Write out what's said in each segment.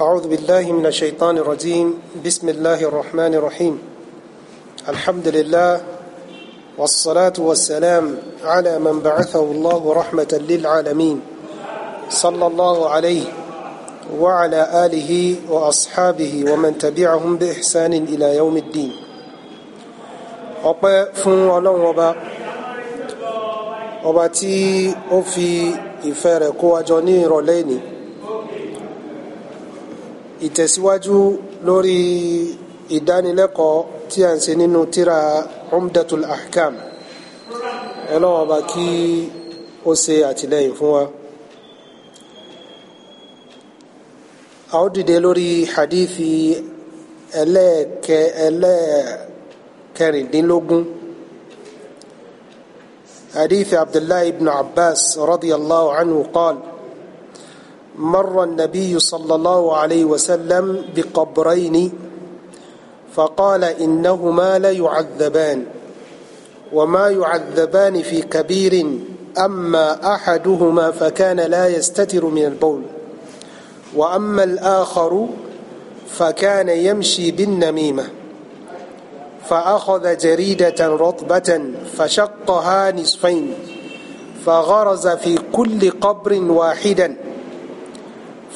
أعوذ بالله من الشيطان الرجيم بسم الله الرحمن الرحيم الحمد لله والصلاة والسلام على من بعثه الله رحمة للعالمين صلى الله عليه وعلى آله وأصحابه ومن تبعهم بإحسان إلى يوم الدين ọpẹ́ fún ọlọ́run ọba ọba tí ó fi ìfẹ́ ìtẹ̀síwájú lórí ìdánilẹ́kọ̀ọ́ tí a ń ṣe nínú tíra umdatul ahkam ẹlọ́wọ́ bá kí ó ṣe àtìlẹ́yìn fún wa a ó dìde lórí hadithi ẹlẹ́ẹ̀kẹ ẹlẹ́ẹ̀kẹrìndínlógún hadithi abdullahi ibn abbas radiyallahu anhu qala مر النبي صلى الله عليه وسلم بقبرين فقال إنهما ليعذبان وما يعذبان في كبير أما أحدهما فكان لا يستتر من البول وأما الآخر فكان يمشي بالنميمة فأخذ جريدة رطبة فشقها نصفين فغرز في كل قبر واحدا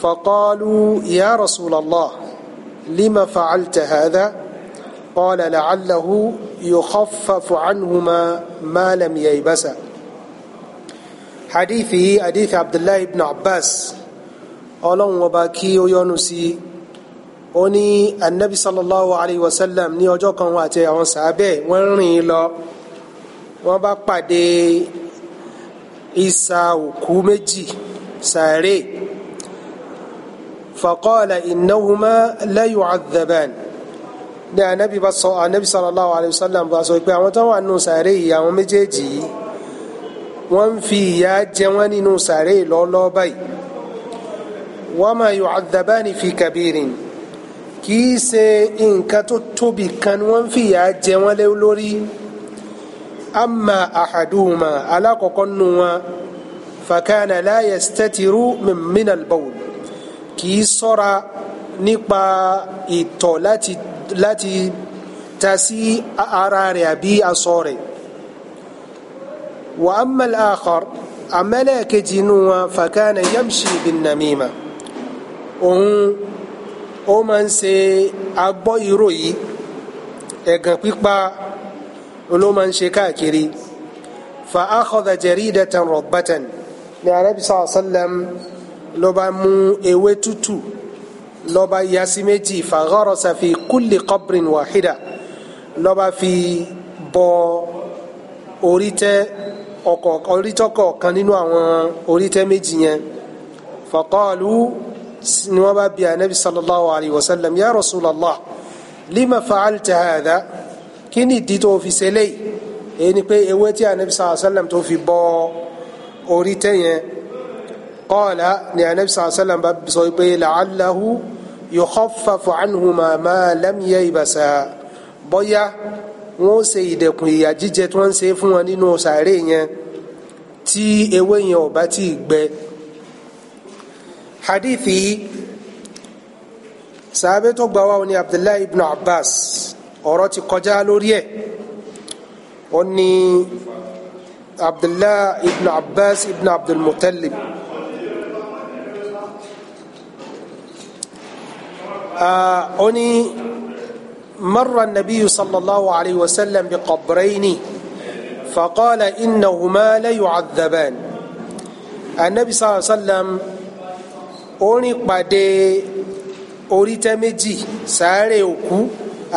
فقالوا يا رسول الله لما فعلت هذا قال لعله يخفف عنهما ما لم ييبسا حديثه حديث عبد الله بن عباس ọlọ́run ọba kí ó yọ́nú sí i ó ní anabi sallallahu alayhi wa sallam ní ọjọ́ kan wọn àti àwọn sàábẹ̀ wọ́n rìn lọ wọ́n bá pàdé ìsà òkú méjì sàárè. فقال إنهما لا يعذبان ní anabi bá sọ anabi sallallahu alayhi wa sallam bá sọ pé àwọn tó wà nínú sàárè yìí àwọn méjèèjì yìí wọ́n ń fi ìyà jẹ wọ́n nínú sàárè lọ́lọ́ báyìí wa ma yu'adhabani fi kabirin kì í ṣe nǹkan tó tóbi kan wọ́n ń fi ìyà jẹ wọ́n lórí amma ahaduhuma alákọ̀ọ́kọ́ nù fakana la yastatiru min minal bawl kì í ṣọ́ra nípa ìtọ̀ láti láti ta sí ara rẹ̀ àbí aṣọ rẹ̀ wa amma al-akhar amẹ́lẹ́kejì inú wọn fakana yamshi bin namima òun ó máa ń ṣe agbọ́ ìró yìí ẹ̀gàn pípa ló máa ń ṣe káàkiri fa akhadha jaridatan rabbatan ní arábísà sallam ló bá mú ewé tútù ló bá yasi méjì fagharasa fi kulli qabrin wahida ló bá fi bọ orítẹ ọkọ orítọkọ kan nínú àwọn orítẹ méjì yẹn faqalu ni wọn bá bi anabi sallallahu alayhi wa sallam ya rasulallah lima fa'alta hadha kí ni ìdí tó fi ṣe léyìí èyí ni pé ewé anabi sallallahu alayhi wa sallam tó fi bọ orítẹ yẹn. قال ní anabi sàlá الله عليه وسلم pé la'allahu yukhaffafu anhuma ma lam yaybasa bọ́yá wọn ó ṣe ìdẹ̀kùn ìyà jíjẹ tí wọ́n ń ṣe fún wọn nínú sàárè yẹn tí ewé yẹn ò bá tí ì gbẹ. hadithi sàábẹ́ tó gbà wá ó ní abdullahi ibn abbas ọ̀rọ̀ ti kọjá lórí ẹ̀ ó ní abdullahi ibn abbas ibn abdulmutalib. ó ní marra nabiyu sallallahu alayhi wa sallam bi qabrayni faqala innahuma la yu'adhaban anabi sallallahu alayhi wa sallam ó ní pàdé orítẹ́ méjì sàárè òkú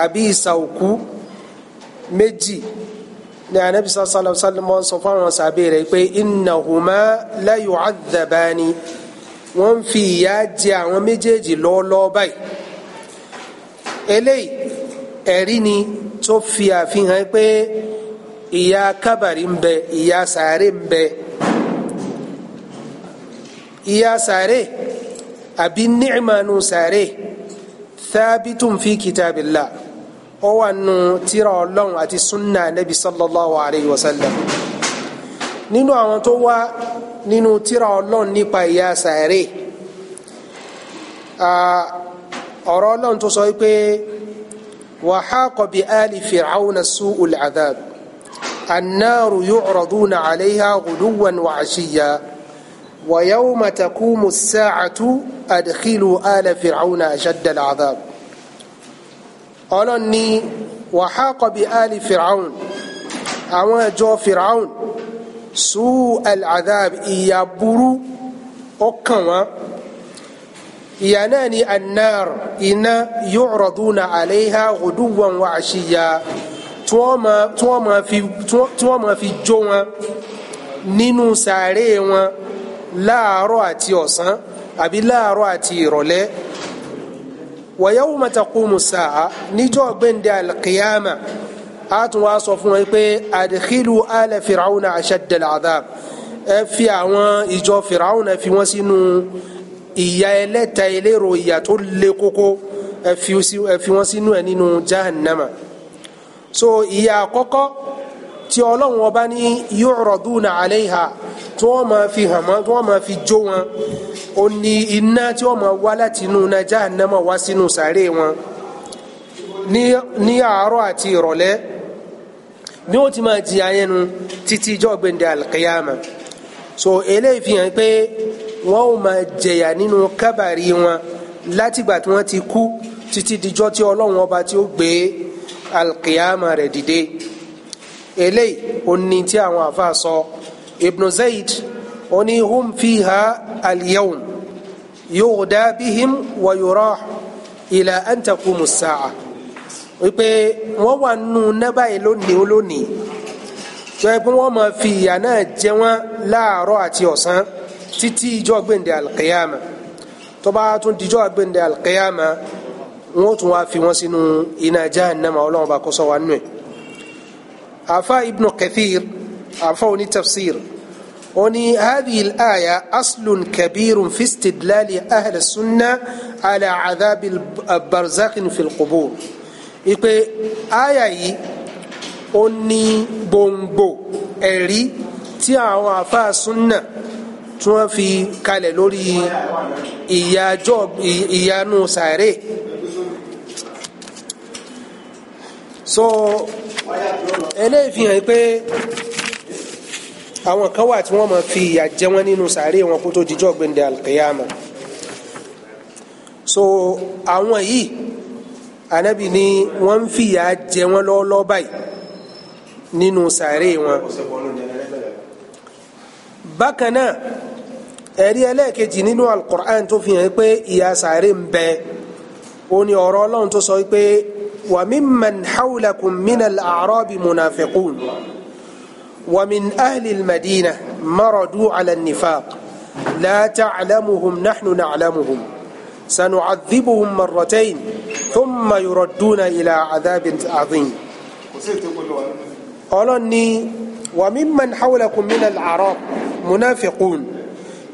àbí ìsà òkú méjì ni anabi sallallahu alayhi wa sallam sọ fáwọn sàbẹ rẹ̀ pé innahuma la yu'adhabani wọ́n fi ìyà jẹ àwọn méjèèjì lọ́ọ́lọ́ọ́ báyìí eléyìí ẹ̀rí ni tó fi àfihàn pé ìyà kábàrí ń bẹ ìyà sàárè ń bẹ ìyà sàárè àbí nícmánu sàárè thabitun fi kitabillah ó wà nù tírà ọlọ́run àti sunna nabi sallallahu alayhi wa sallam nínú àwọn tó wá nínú tírà ọlọ́run nípa ìyà sàárè ọ̀rọ̀ ọlọ́run tó sọ pé wàhákọ̀ bí ali fir'auna su'ul adhab annaru yu'raduna 'alayha ghuduwan wa 'ashiyya wa yawma taqumu as-sa'atu adkhilu ala fir'auna ashadda al-'adhab ọlọ́run ní wàhákọ̀ ali fir'aun àwọn ẹjọ́ fir'aun su'ul adhab ìyà burú ó kàn ìyà náà ni annar iná yu'raduna alayha ghuduwan wa ashiya tí wọ́n máa fi jó wọn nínú sàárè wọn láàárọ̀ àti ọ̀sán àbí láàárọ̀ àti ìrọ̀lẹ́ wa yawma taqumu sa'a níjọ́ gbẹ̀ndẹ̀ alkiyama a tún wá sọ fún wọn pé adkhilu ala fir'auna ashadda al'adab ẹ fi àwọn ìjọ fir'auna fi wọ́n sínú. Si ìyà ẹlẹ́ta ẹlẹ́rọ ìyà tó le koko ẹ fi wọ́n sínú ẹ̀ nínú jahannama so ìyà àkọ́kọ́ tí ọlọ́run ọba ní yu'raduna alayha tí wọ́n máa fi hàn wọ́n tí wọ́n máa fi jó wọn ó ní iná tí wọ́n máa wá láti inú iná jahannama wá sínú sàárè wọn ní àárọ̀ àti ìrọ̀lẹ́ bí wọ́n ti máa jìyà yẹn nu títí ijọ́ gbẹ̀ndẹ̀ alqiyama so eléyìí fi hàn pé wọn ò máa jẹyà nínú kábàrí wọn látìgbà tí wọn ti kú títí dijọ́ tí ọlọ́run ọba tí ó gbé alkiyama rẹ̀ dìde eléyìí ó ní tí àwọn àfa sọ ibn zayd ó ní hum fiha alyawm yughda bihim wa yurah ila an taqumu wípé wọ́n wà nù nábàyè lónìí olónìí tó yẹ pé wọ́n máa fi ìyà náà jẹ wọ́n láàárọ̀ àti ọ̀sán títí ìjọ gbẹ̀ndé alqiyama tó bá tún dijọ́ gbẹ̀ndé alqiyama wọ́n tún wá fi wọ́n sínú iná jahannama ọlọ́run bá kó ṣọ́ wa nù ẹ̀. afa ibnu kathir afa oní tafsir oní hadhihi al-aya aslun kabirun fi istidlali ahli sunna ala adhabi barzakhin fi al ipe aya yìí ó ní gbòǹgbò ẹ̀rí tí afa sunna tí wọ́n fi kalẹ̀ lórí ìyàjọ́ ìyanu sàárè so eléyìí fi hàn pé àwọn kan wà tí wọ́n máa fi ìyà jẹ wọ́n nínú sàárè wọn kó tó dijọ́ gbẹ̀ndẹ̀ alkiyama so àwọn yìí anabi ni wọ́n ń fìyà jẹ wọ́n lọ́ọ́lọ́ọ́ báyìí nínú sàárè wọn bákan náà ẹ̀rí ẹlẹ́ẹ̀kejì nínú alukur'an tó fi hàn pé ìyà sàárè ń bẹ ó ní ọ̀rọ̀ ọlọ́run tó sọ pé wa mimman hawlakum minal a'rabi munafiqun wa min ahli al-madina maradu ala an-nifaq la ta'lamuhum nahnu na'lamuhum sanu'adhibuhum marratayn thumma yuradduna ila 'adhabin 'adhim ọlọ́run ní wa mimman hawlakum minal a'rabi munafiqun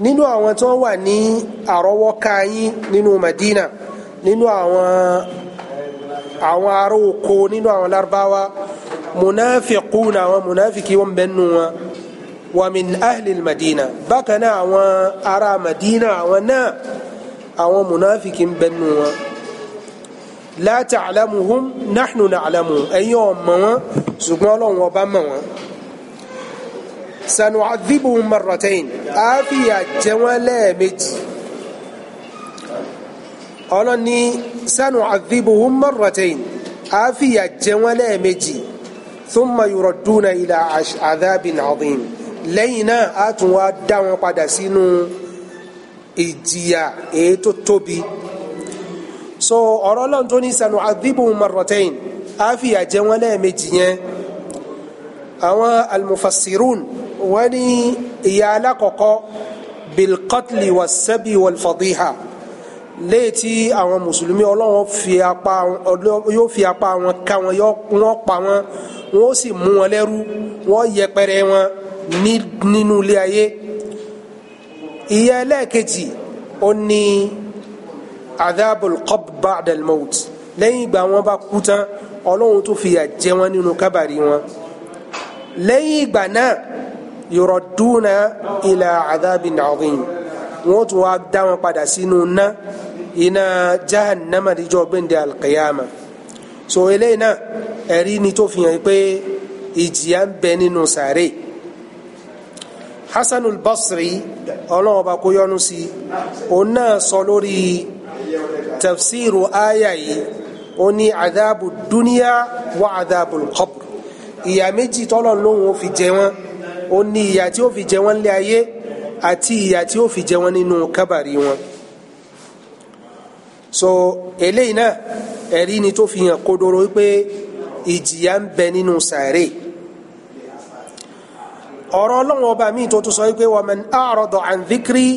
nínú àwọn tó wà ní àrọ́wọ́ká yín nínú Madina nínú àwọn àwọn ará oko nínú àwọn Lárúbáwá munafiquna àwọn munafiki wọn bẹ nù wọn wa min ahli Madina bákan náà àwọn ará Madina àwọn náà àwọn munafiki bẹ nù wọn la ta'lamuhum nahnu na'lamu ẹ̀yin ò wọn ṣùgbọ́n Ọlọ́run ọba mọ̀ wọn sanu'adhibuhum marratain á fìyà jẹ wọ́n lẹ́ẹ̀mejì ọlọ́run ní sanu'adhibuhum marratain á fìyà jẹ wọ́n lẹ́ẹ̀mejì thumma yuradduna ila adhabin adhim lẹ́yìn náà á tún wá dá wọn padà sínú ìjìyà èyí tóbi so ọ̀rọ̀ ọlọ́run tó ní sanu adhibuhum marratain á fìyà yẹn àwọn almufassirun wọ́n ní ìyà alákọ̀ọ́kọ́ bilkotli wasabi walfadiha léyìí tí àwọn mùsùlùmí ọlọ́wọ́n fi apá yóò fi apá wọn ká wọn wọ́n pa wọn wọ́n ó sì mú wọn lẹ́rú wọ́n yẹpẹrẹ wọn nínú ilé ayé ìyà ẹlẹ́ẹ̀kejì ó ní adhabul qabd ba'dal maut lẹ́yìn ìgbà wọn bá kú tán ọlọ́run tó fìyà jẹ wọn nínú kábàrí wọn lẹ́yìn ìgbà náà yuraduna ila adhabin adhim wọ́n tún wá dá wọn padà sínú ná iná jahannama níjọ́ gbẹ̀ndẹ̀ alqiyama so eléyìí náà ẹ̀rí ni tó fi hàn pé ìjìyà ń bẹ nínú sàárè hasanul basri ọlọ́run ọba kó yọ́nú sí òun náà sọ lórí tafsiru aya yìí ó ní àdábù dúníà wà àdábù al-qabr méjì tọ́lọ̀ lóhun ó fi jẹ wọ́n ó ní ìyà tí ó fi jẹ wọ́n lé ayé àti ìyà tí ó fi jẹ wọ́n nínú kábàrí wọn so eléyìí náà ẹ̀rí ni tó fi hàn kodoro wípé ìjìyà ń bẹ nínú sàárè ọ̀rọ̀ ọlọ́run ọba mi tó tún sọ wípé wa man a'rada an dhikri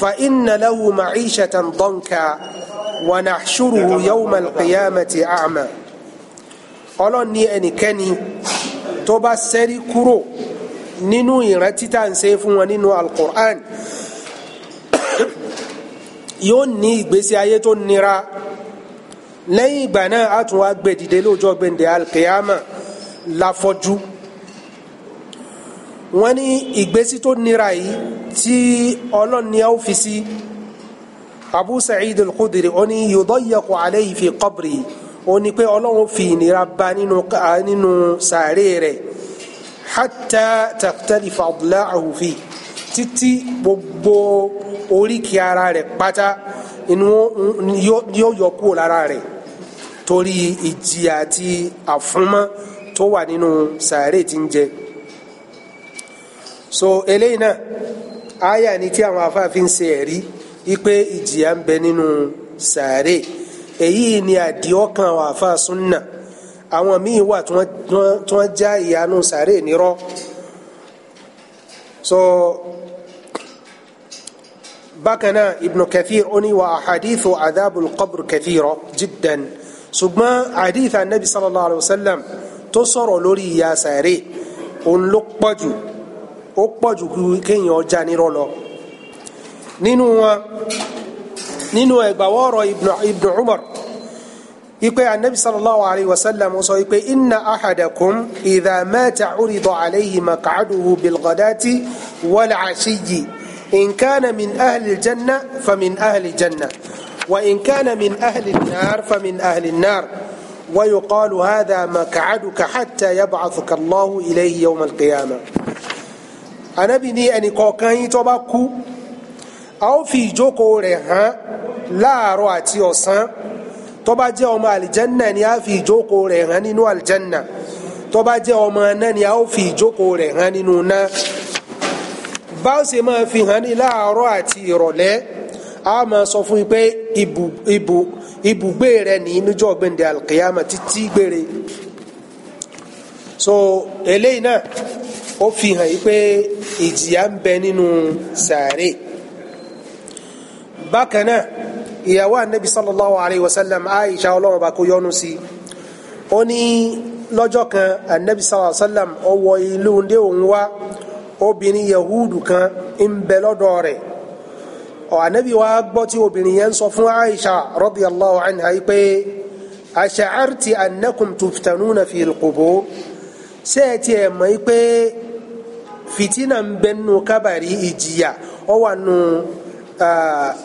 fa inna lahu ma'ishatan danka wa nahshuruhu yawma al-qiyamati a'ma ọlọ́run ní ẹnikẹ́ni tó bá ṣẹ́rí kúrò nínú ìrántí tá à ń ṣe fún wọn nínú alukur'an yóò ní ìgbésí ayé tó nira lẹ́yìn ìgbà náà a tún wá gbé dìde lọ́jọ́ gbẹ̀ǹdẹ̀ alkiyama láfọ́jú wọ́n ní ìgbésí tó nira yìí tí ọlọ́ni a ó abu sa'id al-khudri ó ní yudayyaqu fi qabri ó ní pé fi ìnira bá nínú sàárè rẹ̀ hatta takhtalifa adla'uhu fi títí gbogbo oríkì ara rẹ̀ pátá inú yóò yọ kúrò lára rẹ̀ torí ìjìyà àti àfúnmọ́ tó wà nínú sàárè tí ń jẹ so eléyìí náà aya ni tí àwọn afáfin ṣe ẹ̀rí wípé ìjìyà ń bẹ nínú sàárè èyí ni àdìọ́kàn àwọn afá súnà àwọn míì wà tí wọ́n já ìyanu sàárè nírọ́ so bákan náà Ibn Kathir ó ní wa ahadithu adhabul qabr kathira jiddan ṣùgbọ́n hadith anabi sallallahu alayhi wa sallam tó sọ̀rọ̀ lórí ìyà sàárè òun ló pọ̀jù ó pọ̀jù kéèyàn já nírọ́ lọ nínú wọn nínú ẹgbàwọ́rọ̀ Ibn Umar ipe anabi sallallahu alayhi wa sallam sọ ipe inna ahadakum idha mata urido alayhi maq'aduhu bilghadati wal ashiyi in kana min ahli aljanna famin ahli aljanna wa in kana min ahli annar famin ahli annar wa yuqalu hadha maq'aduka hatta yab'athuka Allahu ilayhi yawm alqiyamah anabi ní ẹni kọ̀ọ̀kan yín tó bá kú a ó fi ìjókòó rẹ̀ hàn láàárọ̀ àti ọ̀sán tó bá jẹ́ ọmọ àlìjẹ́nà ni a fi ìjókòó rẹ̀ hàn nínú àlìjẹ́nà tó bá jẹ́ ọmọ náà ni a ó fi ìjókòó rẹ̀ hàn nínú náà bá ó ṣe máa fi hàn ní láàárọ̀ àti ìrọ̀lẹ́ a máa sọ fún yín pé ibùgbé rẹ̀ ní níjọ́ gbẹ̀ndẹ̀ alkiyama títí gbére so eléyìí náà ó fi hàn yí pé ìjìyà ń bẹ nínú sàárè bákan náà ìyàwó anabi sallallahu alayhi wa sallam aisha ọlọ́run bá kó yọ́nú sí i ó ní lọ́jọ́ kan anabi sallallahu alayhi wa sallam ó wọ ilé ndé òun wá obìnrin yahudu kan ń bẹ lọ́dọ̀ rẹ̀ ọ̀ anabi wa gbọ́ tí obìnrin yẹn ń sọ fún aisha radiyallahu anha yìí pé asha'arti annakum tuftanuna fi al ṣé ẹ tiẹ̀ mọ̀ yìí pé fitina ń bẹ nù kábàrí ìjìyà ọ wà nù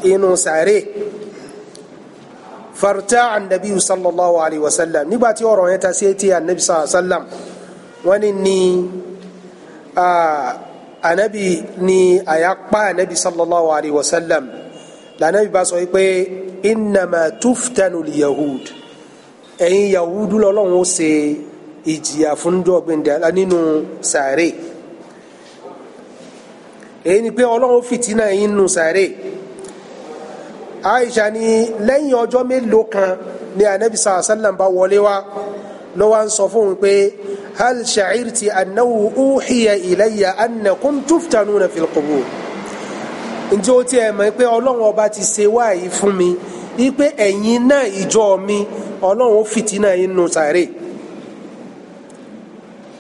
inú sàárè farta anabi sallallahu alayhi wa sallam nígbà tí ọ̀rọ̀ yẹn ta sí etí anabi sallallahu alayhi wa sallam wọ́n ní ní anabi ní àyàpá anabi sallallahu alayhi wa sallam lànàbí bá sọ pé innama tuftanu yahud ẹ̀yin yahudu lọ́lọ́run ó ṣe ìjìyà fún dọ́gbìn nínú sàárè èyí ni pé ọlọ́run fìtínà yín nù sàárè aisha ni lẹ́yìn ọjọ́ mélòó kan ni anabi sàlá sàlám bá wọlé wá ló wá ń sọ fóun pé hal sha'irti annahu uhiya ilayya annakum tuftanuna fil qubur ǹjẹ́ o tiẹ̀ mọ̀ pé ọlọ́run ọba ti ṣe wáyé fún mi wípé ẹ̀yin náà ìjọ mi ọlọ́run fìtínà yín nù sàárè.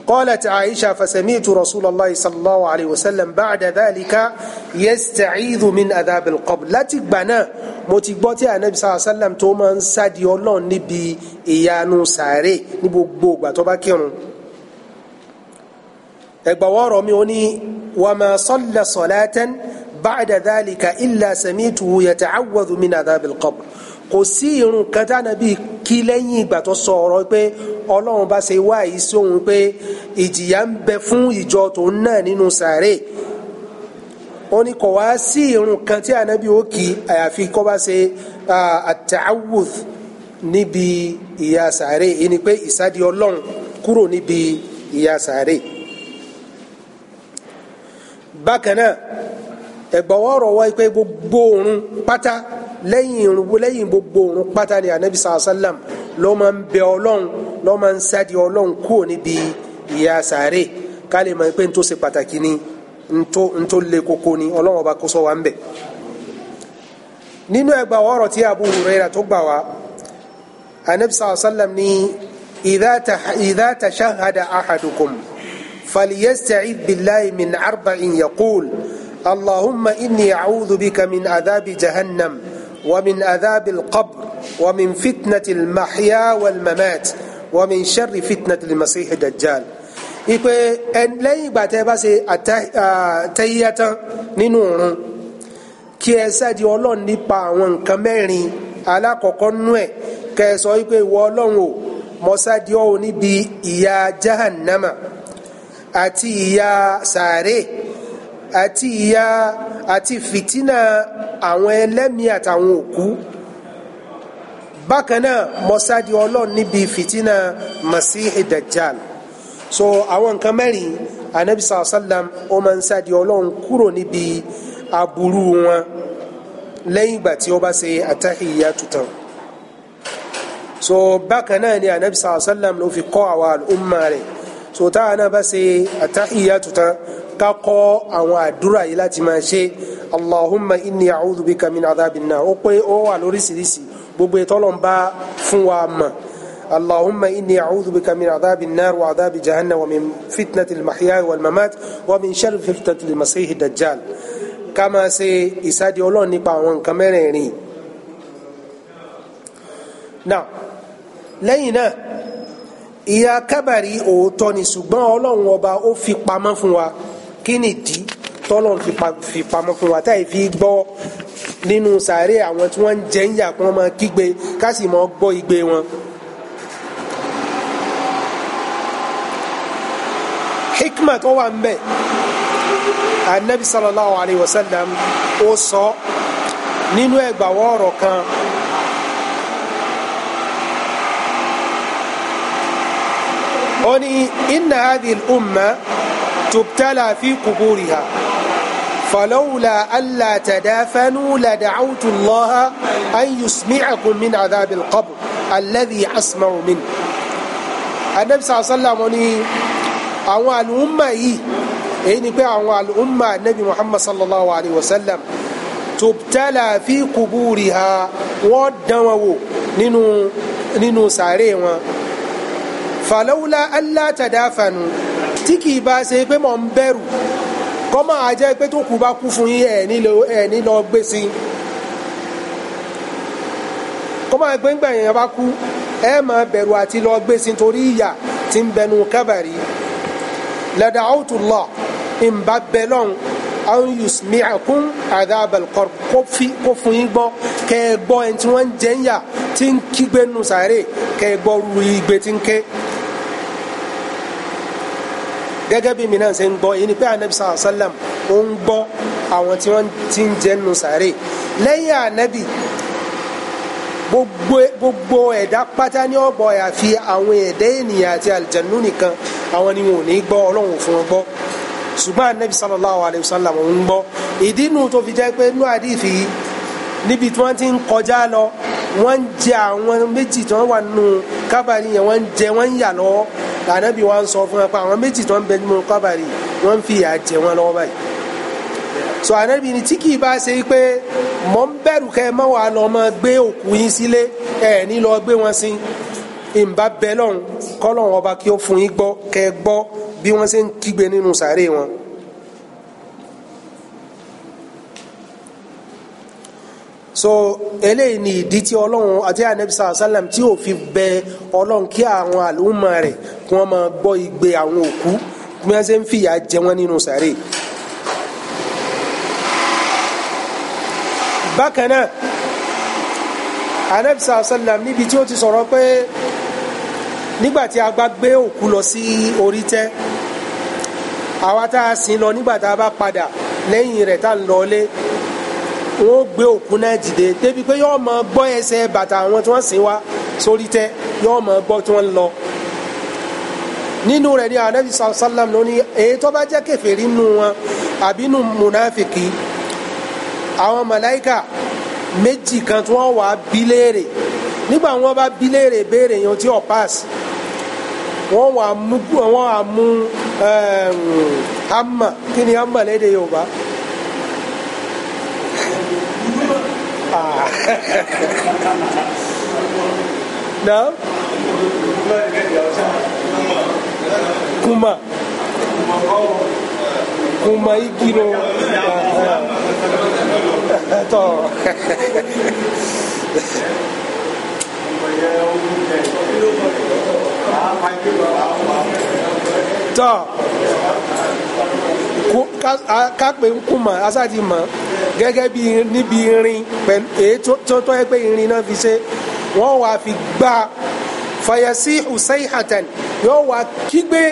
قالت عائشة فسمعت رسول الله صلى الله عليه وسلم بعد ذلك يستعيذ من أذاب القبر لا تقبنا متقبتي النبي صلى الله عليه وسلم توما سادي الله نبي إيانو ساري نبو بوبا تبكر أكبر ميوني وما صلى صلاة بعد ذلك إلا سمعته يتعوذ من عذاب القبر kò sí irun kan tí ànábì kí lẹ́yìn ìgbà tó sọ ọ̀rọ̀ pé ọlọ́run bá ṣe wá yìí sí òun pé ìjìyà ń bẹ fún ìjọ tòun nà nínú sàárè ó ní kò wá sí irun kan tí ànábì ó kì í àyàfi kó bá ṣe àtàwùth níbi ìyà sàárè yìí pé ìsádi ọlọ́run kúrò níbi ìyà sàárè bákan náà ẹ̀gbọ́n ọ̀rọ̀ wáyé pé gbogbo òun pátá. lẹ́yìn lẹ́yìn gbogbo òun pátá ni anabi sàlám ló máa ń bẹ ọlọ́run ló máa ń sádi ọlọ́run kúrò níbi ìyà sàárè ká lè mọ̀ pé n tó ṣe pàtàkì ni n tó le koko ni ọlọ́run ọba kó sọ wa ń bẹ̀. nínú ẹgbà ọ̀rọ̀ tí Abu Huraira tó gbà wá anabi sàlám ní idha tashahada ahadukum falyasta'id billahi min arba'in yaqul allahumma inni a'udhu bika min adhabi jahannam. ومن أذاب القبر ومن فتنة المحيا والممات ومن شر فتنة المسيح الدجال ipe lẹ́yìn ìgbà tẹ́ bá ṣe àtẹ́yẹ́tán nínú òrun kí ẹ ṣáàdì ọlọ́run nípa àwọn nǹkan mẹ́rin alákọ̀ọ́kọ́ nú ẹ̀ kẹ ẹ sọ wípé ìwọ ọlọ́run o mọ ṣáàdì ọ́ níbi ìyà jahannama àti ìyà sàárè àti ìyà àti fìtínà àwọn ẹlẹ́mìí àtàwọn òkú bákan náà mọ́sáàdì ọlọ́run níbi fìtínà masihi dajjal so àwọn nǹkan mẹ́rin anabi sallallahu alayhi wa sallam ó máa ń sáàdì ọlọ́run kúrò níbi aburú wọn lẹ́yìn ìgbà tí ó bá ṣe àtàhìyà tuntun so bákan náà ni anabi sallallahu wa sallam ló fi kọ́ àwa al'umma rẹ̀ so táwọn náà bá ṣe àtàhìyà tuntun ká kọ́ àwọn àdúrà yìí láti máa ṣe allahumma inni a'udhu bika min adhabin nar ó pé ó wà lóríṣiríṣi gbogbo ìtọ́lọ̀ ń bá fún wa mọ̀ اللهم إني أعوذ بك من عذاب النار وعذاب جهنم ومن فتنة المحيا والممات ومن شر فتنة المسيح الدجال ká máa ṣe ìsádi ọlọ́run nípa àwọn nǹkan mẹ́rẹ̀ẹ̀rin náà lẹ́yìn náà ìyà kábàrí òótọ́ ni ṣùgbọ́n ọlọ́run ọba ó fi pamọ́ fún wa kí ni ìdí tọ́lọ̀ fi pamọ́ fún wa táyì fi gbọ́ nínú sàárè àwọn tí wọ́n ń jẹ ń yà kí wọ́n máa kígbe ká sì máa gbọ́ igbe wọn. hikma tó wà ń bẹ anabi sallallahu alayhi wa sallam ó sọ nínú ẹgbàwọ́ ọ̀rọ̀ kan. ó ní inna hadhihi umma تبتلى في قبورها فلولا ألا تدافنوا لدعوت الله أن يسمعكم من عذاب القبر الذي أسمع منه النبي صلى الله عليه وسلم ní àwọn àlùmà yìí èyí ni pé àwọn àlùmà nabi muhammad sallallahu alayhi wa sallam tubtala fi kuburiha wọ́n dán wọn wò nínú nínú sàárè wọn falawla alla tadafanu tí kì í bá ṣe pé mò ń bẹ̀rù kọ́ máa jẹ́ pé tó kù bá kú fún yín ẹ̀ ní lọ gbé sí kọ́ máa gbé ńgbà yẹn bá kú ẹ máa bẹ̀rù àti lọ gbé sí torí ìyà tí ń bẹnu kábàrí lẹ́dà àwùtúlọ̀ ìmbà bẹ́lọ́n àwọn yusmi'akum adhabal qabr kó fún yín gbọ́ kẹ́ ẹ gbọ́ tí wọ́n ń jẹ́ ń yà tí ń kígbe sàárè kẹ́ rú igbe tí ń ké gẹ́gẹ́ bí mi náà ṣe ń gbọ́ yìí ni pé anabi sàlá sàlám ó ń gbọ́ àwọn tí wọ́n ti ń jẹ́ nù sàárè lẹ́yìn anabi gbogbo ẹ̀dá pátá ní ọ̀bọ̀ àfi àwọn ẹ̀dá ènìyàn àti àlìjẹ̀nú nìkan àwọn ni wọn ò ní gbọ́ ọlọ́run fún wọn gbọ́ ṣùgbọ́n anabi sallallahu alayhi wa sallam ń gbọ́ ìdí nu tó fi jẹ́ pé inú àdìfì níbi tí wọ́n ti ń kọjá lọ wọ́n ń jẹ àwọn méjì tí wọ́n wà nù lànàbí wa ń sọ fún wa pé àwọn méjì tó ń bẹ nínú kọ́bàrì wọ́n ń fi ìyà jẹ wọn lọ́wọ́ báyìí so ànábì ni tí kì í bá ṣe pé mọ̀ ń bẹ̀rù kẹ́ ẹ mọ́ wàá lọ mọ́ gbé òkú yín sílé ẹ̀ ní lọ gbé wọn sí ìmbá bẹ́ẹ̀ lọ́hùn kọ́ lọ́hùn ọba kí ó fún yín gbọ́ kẹ́ gbọ́ bí wọ́n ṣe ń kígbe nínú sàárè wọn. so eléyìí ni ìdí tí ọlọ́run àti anabisa asalam tí ò fi bẹ ọlọ́run kí àwọn àlùmọ̀ rẹ̀ kí wọ́n máa gbọ́ igbe àwọn òkú bí wọ́n ṣe ń fìyà jẹ wọ́n nínú sàárè. bákan náà anabisa asalam níbi tí ó ti sọ̀rọ̀ pé nígbà tí a bá gbé òkú lọ sí orí tẹ́ àwa tá a sin lọ nígbà tá a bá padà lẹ́yìn rẹ̀ tá a lọ lé wọn ó gbé òkú náà dìde débi pé yóò máa gbọ́ ẹsẹ̀ bàtà àwọn tí wọ́n sìn wá sórí tẹ́ yóò máa gbọ́ tí wọ́n lọ nínú rẹ̀ ni anabi sallam ló ní èyí tó bá jẹ́ kèfèrí nù wọn àbí nù múnáfìkì àwọn màláíkà méjì kan tí wọ́n wà á nígbà wọ́n bá bí béèrè yẹn tí ọ̀ pass wọ́n wà á mú hamma kí ni hamma lédè Yorùbá Naam. Kuma. Kuma igi no. Tọ ká pé ń kú mọ̀ asáàtì mọ̀ gẹ́gẹ́ bí níbi irin pẹ̀lú èyí tó tọ́ ẹ pé irin náà fi ṣe wọ́n wàá fi gbá fayasi hussein hatan yóò wàá kígbe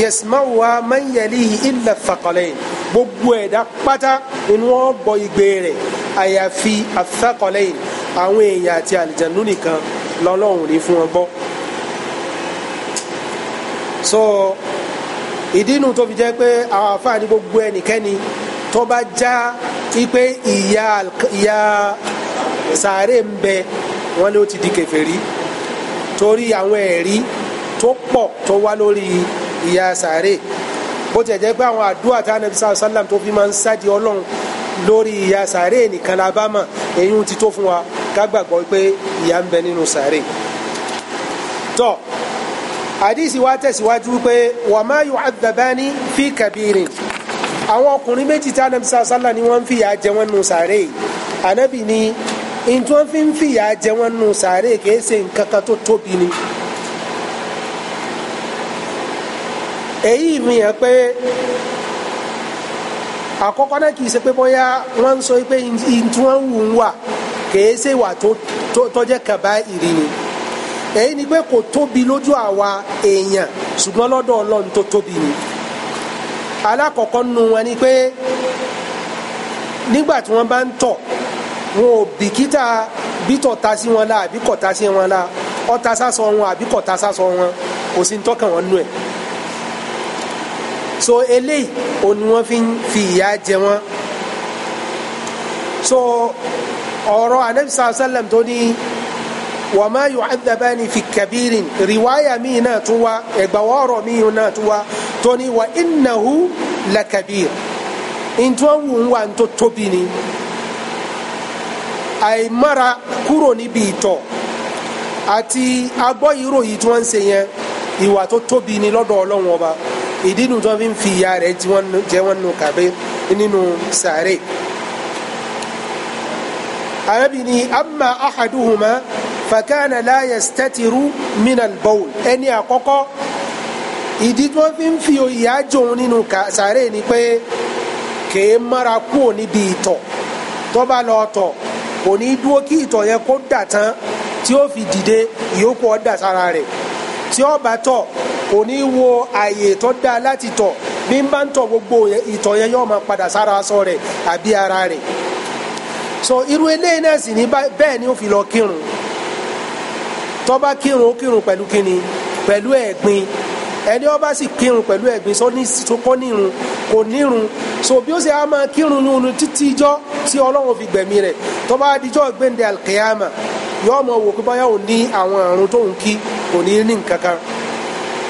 yasmawa manyali illa faqalain gbogbo ẹ̀dá pátá inú wọn bọ igbe rẹ̀ àyàfi afaqalain àwọn èèyàn àti àlìjànú nìkan lọ́lọ́run ní fún wọn bọ́ ìdínú tó fi jẹ́ pé àwọn afáàní gbogbo ẹnikẹ́ni tó bá já ipe ìyà sàárè ń bẹ wọn ni ó ti di kèfèrí torí àwọn ẹ̀rí tó pọ̀ tó wá lórí ìyà sàárè bó tiẹ̀ jẹ́ pé àwọn àdúrà tá ànábì sàlọ́ sàlám tó fi máa ń sádi ọlọ́run lórí ìyà sàárè nìkan la bá mọ̀ ti tó fún wa ká gbàgbọ́ pé ìyà ń bẹ nínú sàárè. tọ́ hadisi wa tẹ̀síwájú pé wà má yu'adhabani fi kabirin àwọn ọkùnrin méjì tí anabi sàlá ni wọ́n ń fìyà jẹ wọ́n nù sàárè anabi ni ntí wọ́n fi ń fìyà jẹ wọ́n nù sàárè kìí ṣe nǹkan kan tó tóbi ni. èyí mi hàn pé àkọ́kọ́ náà kìí ṣe pé bóyá wọ́n ń sọ pé ntí wọ́n wù ń wà kìí ṣe wà tó jẹ́ kaba ìrìn ni èyí ni pé kò tóbi lójú àwa èèyàn ṣùgbọ́n lọ́dọ̀ ọlọ́run tó tóbi ni alákọ̀ọ́kọ́ nu wọn ni pé nígbà tí wọ́n bá ń tọ̀ wọn ò bìkítà bítọ̀ ta sí wọn la àbí kọ̀ ta sí wọn la ọta sásọ wọn àbí kọ̀ ta sásọ wọn kò sí ń wọn nú ẹ̀ so eléyìí o ni wọ́n fi fi ìyà jẹ wọ́n so ọ̀rọ̀ anabisa sallam tó ní wà má yu'adhabani fi kabirin riwaya mi náà tún wá ẹgbàwọ́rọ̀ mi náà tún wá tó ní wà innahu la kabir ntọ́ wù ń wà tó tóbi ni àìmára kúrò níbi ìtọ̀ àti agbọ́ ìró yìí tí wọ́n ń ṣe yẹn ìwà tó tóbi ni lọ́dọ̀ ọlọ́run ọba ìdí nu tí fi ń fi ìyà rẹ̀ jẹ wọ́n nù kàbé nínú sàárè. arábìnrin amma ahaduhuma fakana la yastatiru minal bawl ẹni àkọ́kọ́ ìdí tí wọ́n fi ń fi ìyá jòun nínú sàárè ni pé kèé mara kúò níbi ìtọ̀ tó bá lọ tọ̀ kò ní dúró kí ìtọ̀ yẹn kó dà tán tí ó fi dìde ìyókù ọ̀dà sára rẹ̀ tí ó bá tọ̀ kò ní wo àyè tó dá láti tọ̀ bí n bá ń tọ̀ gbogbo ìtọ̀ yẹn yóò máa padà sára aṣọ rẹ̀ àbí ara rẹ̀ so irú eléyìí náà sì ní bẹ́ẹ̀ ni ó fi lọ kírun tó bá kírun ó kírun pẹ̀lú kíni pẹ̀lú ẹ̀gbin ẹni ó bá sì kírun pẹ̀lú ẹ̀gbin tó kọ́ nírun kò nírun so bí ó sì á máa kírun ní oorun títí ijọ́ tí ọlọ́run fi gbẹ̀mí rẹ̀ tó bá dijọ́ gbẹ̀ndẹ̀ alkiyama yóò mọ wò pé báyà ò ní àwọn àrùn tó ń kí kò ní ní nǹkan kan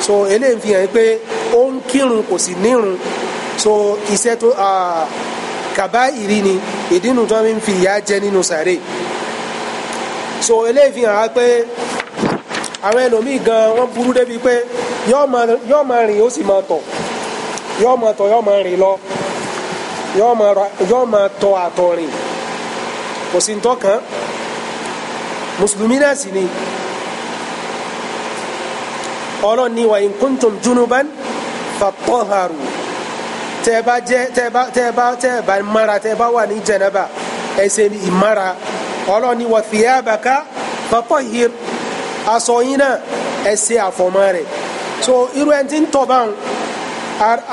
so eléyìí fi hàn pé ó ń kírun kò sì nírun so iṣẹ́ tó kàbá ìrí ni ìdí nu tó ń fi ìyà jẹ nínú sàré so eléyìí fi hàn pé àwọn ẹlòmíì gan wọ́n burú débi pé yóò máa rìn ó sì máa tọ̀ yóò máa tọ̀ yóò máa rìn lọ yóò máa tọ̀ àtọ̀ rìn kò sí ntọ́kàn mùsùlùmí náà sì ni ọlọ́ni wa in kuntum junuban fatọ́haru tẹ́ bá jẹ́ tẹ́ bá tẹ́ bá tẹ́ bá mara tẹ́ bá wà ní jẹnaba ẹsẹ̀ ìmara ọlọ́ni wa thiyabaka fatọ́hir aṣọ yín náà ẹ ṣe àfọ̀mọ́ rẹ̀ so irú ẹni tí ń tọ̀ báwọn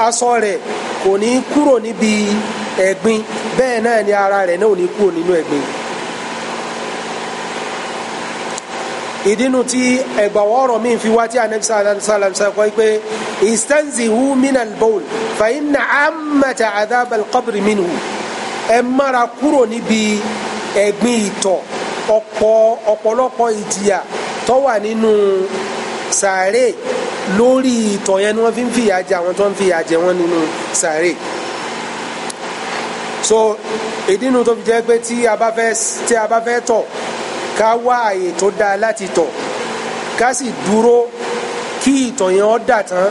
aṣọ rẹ̀ kò ní kúrò níbi ẹ̀gbin bẹ́ẹ̀ náà ni ara rẹ̀ náà ò ní kúrò nínú ẹ̀gbin. ìdínú tí ẹgbàwọ mi fi wá tí anabi sallam sọ pé istanzihu minal bowl fa inna amata adhab alqabri minhu ẹ kúrò níbi ẹ̀gbin ìtọ̀ ọ̀pọ̀ ọ̀pọ̀lọpọ̀ ìjìyà tó wà nínú sàárè lórí ìtọ̀ yẹn ni wọ́n fi ń fìyà jẹ àwọn tó ń fìyà jẹ wọ́n nínú sàárè so ìdí inú tó fi jẹ́ pé tí a bá fẹ́ tí a bá fẹ́ tọ̀ ká wá àyè tó dáa láti tọ̀ ká sì dúró kí ìtọ̀ yẹn ó dà tán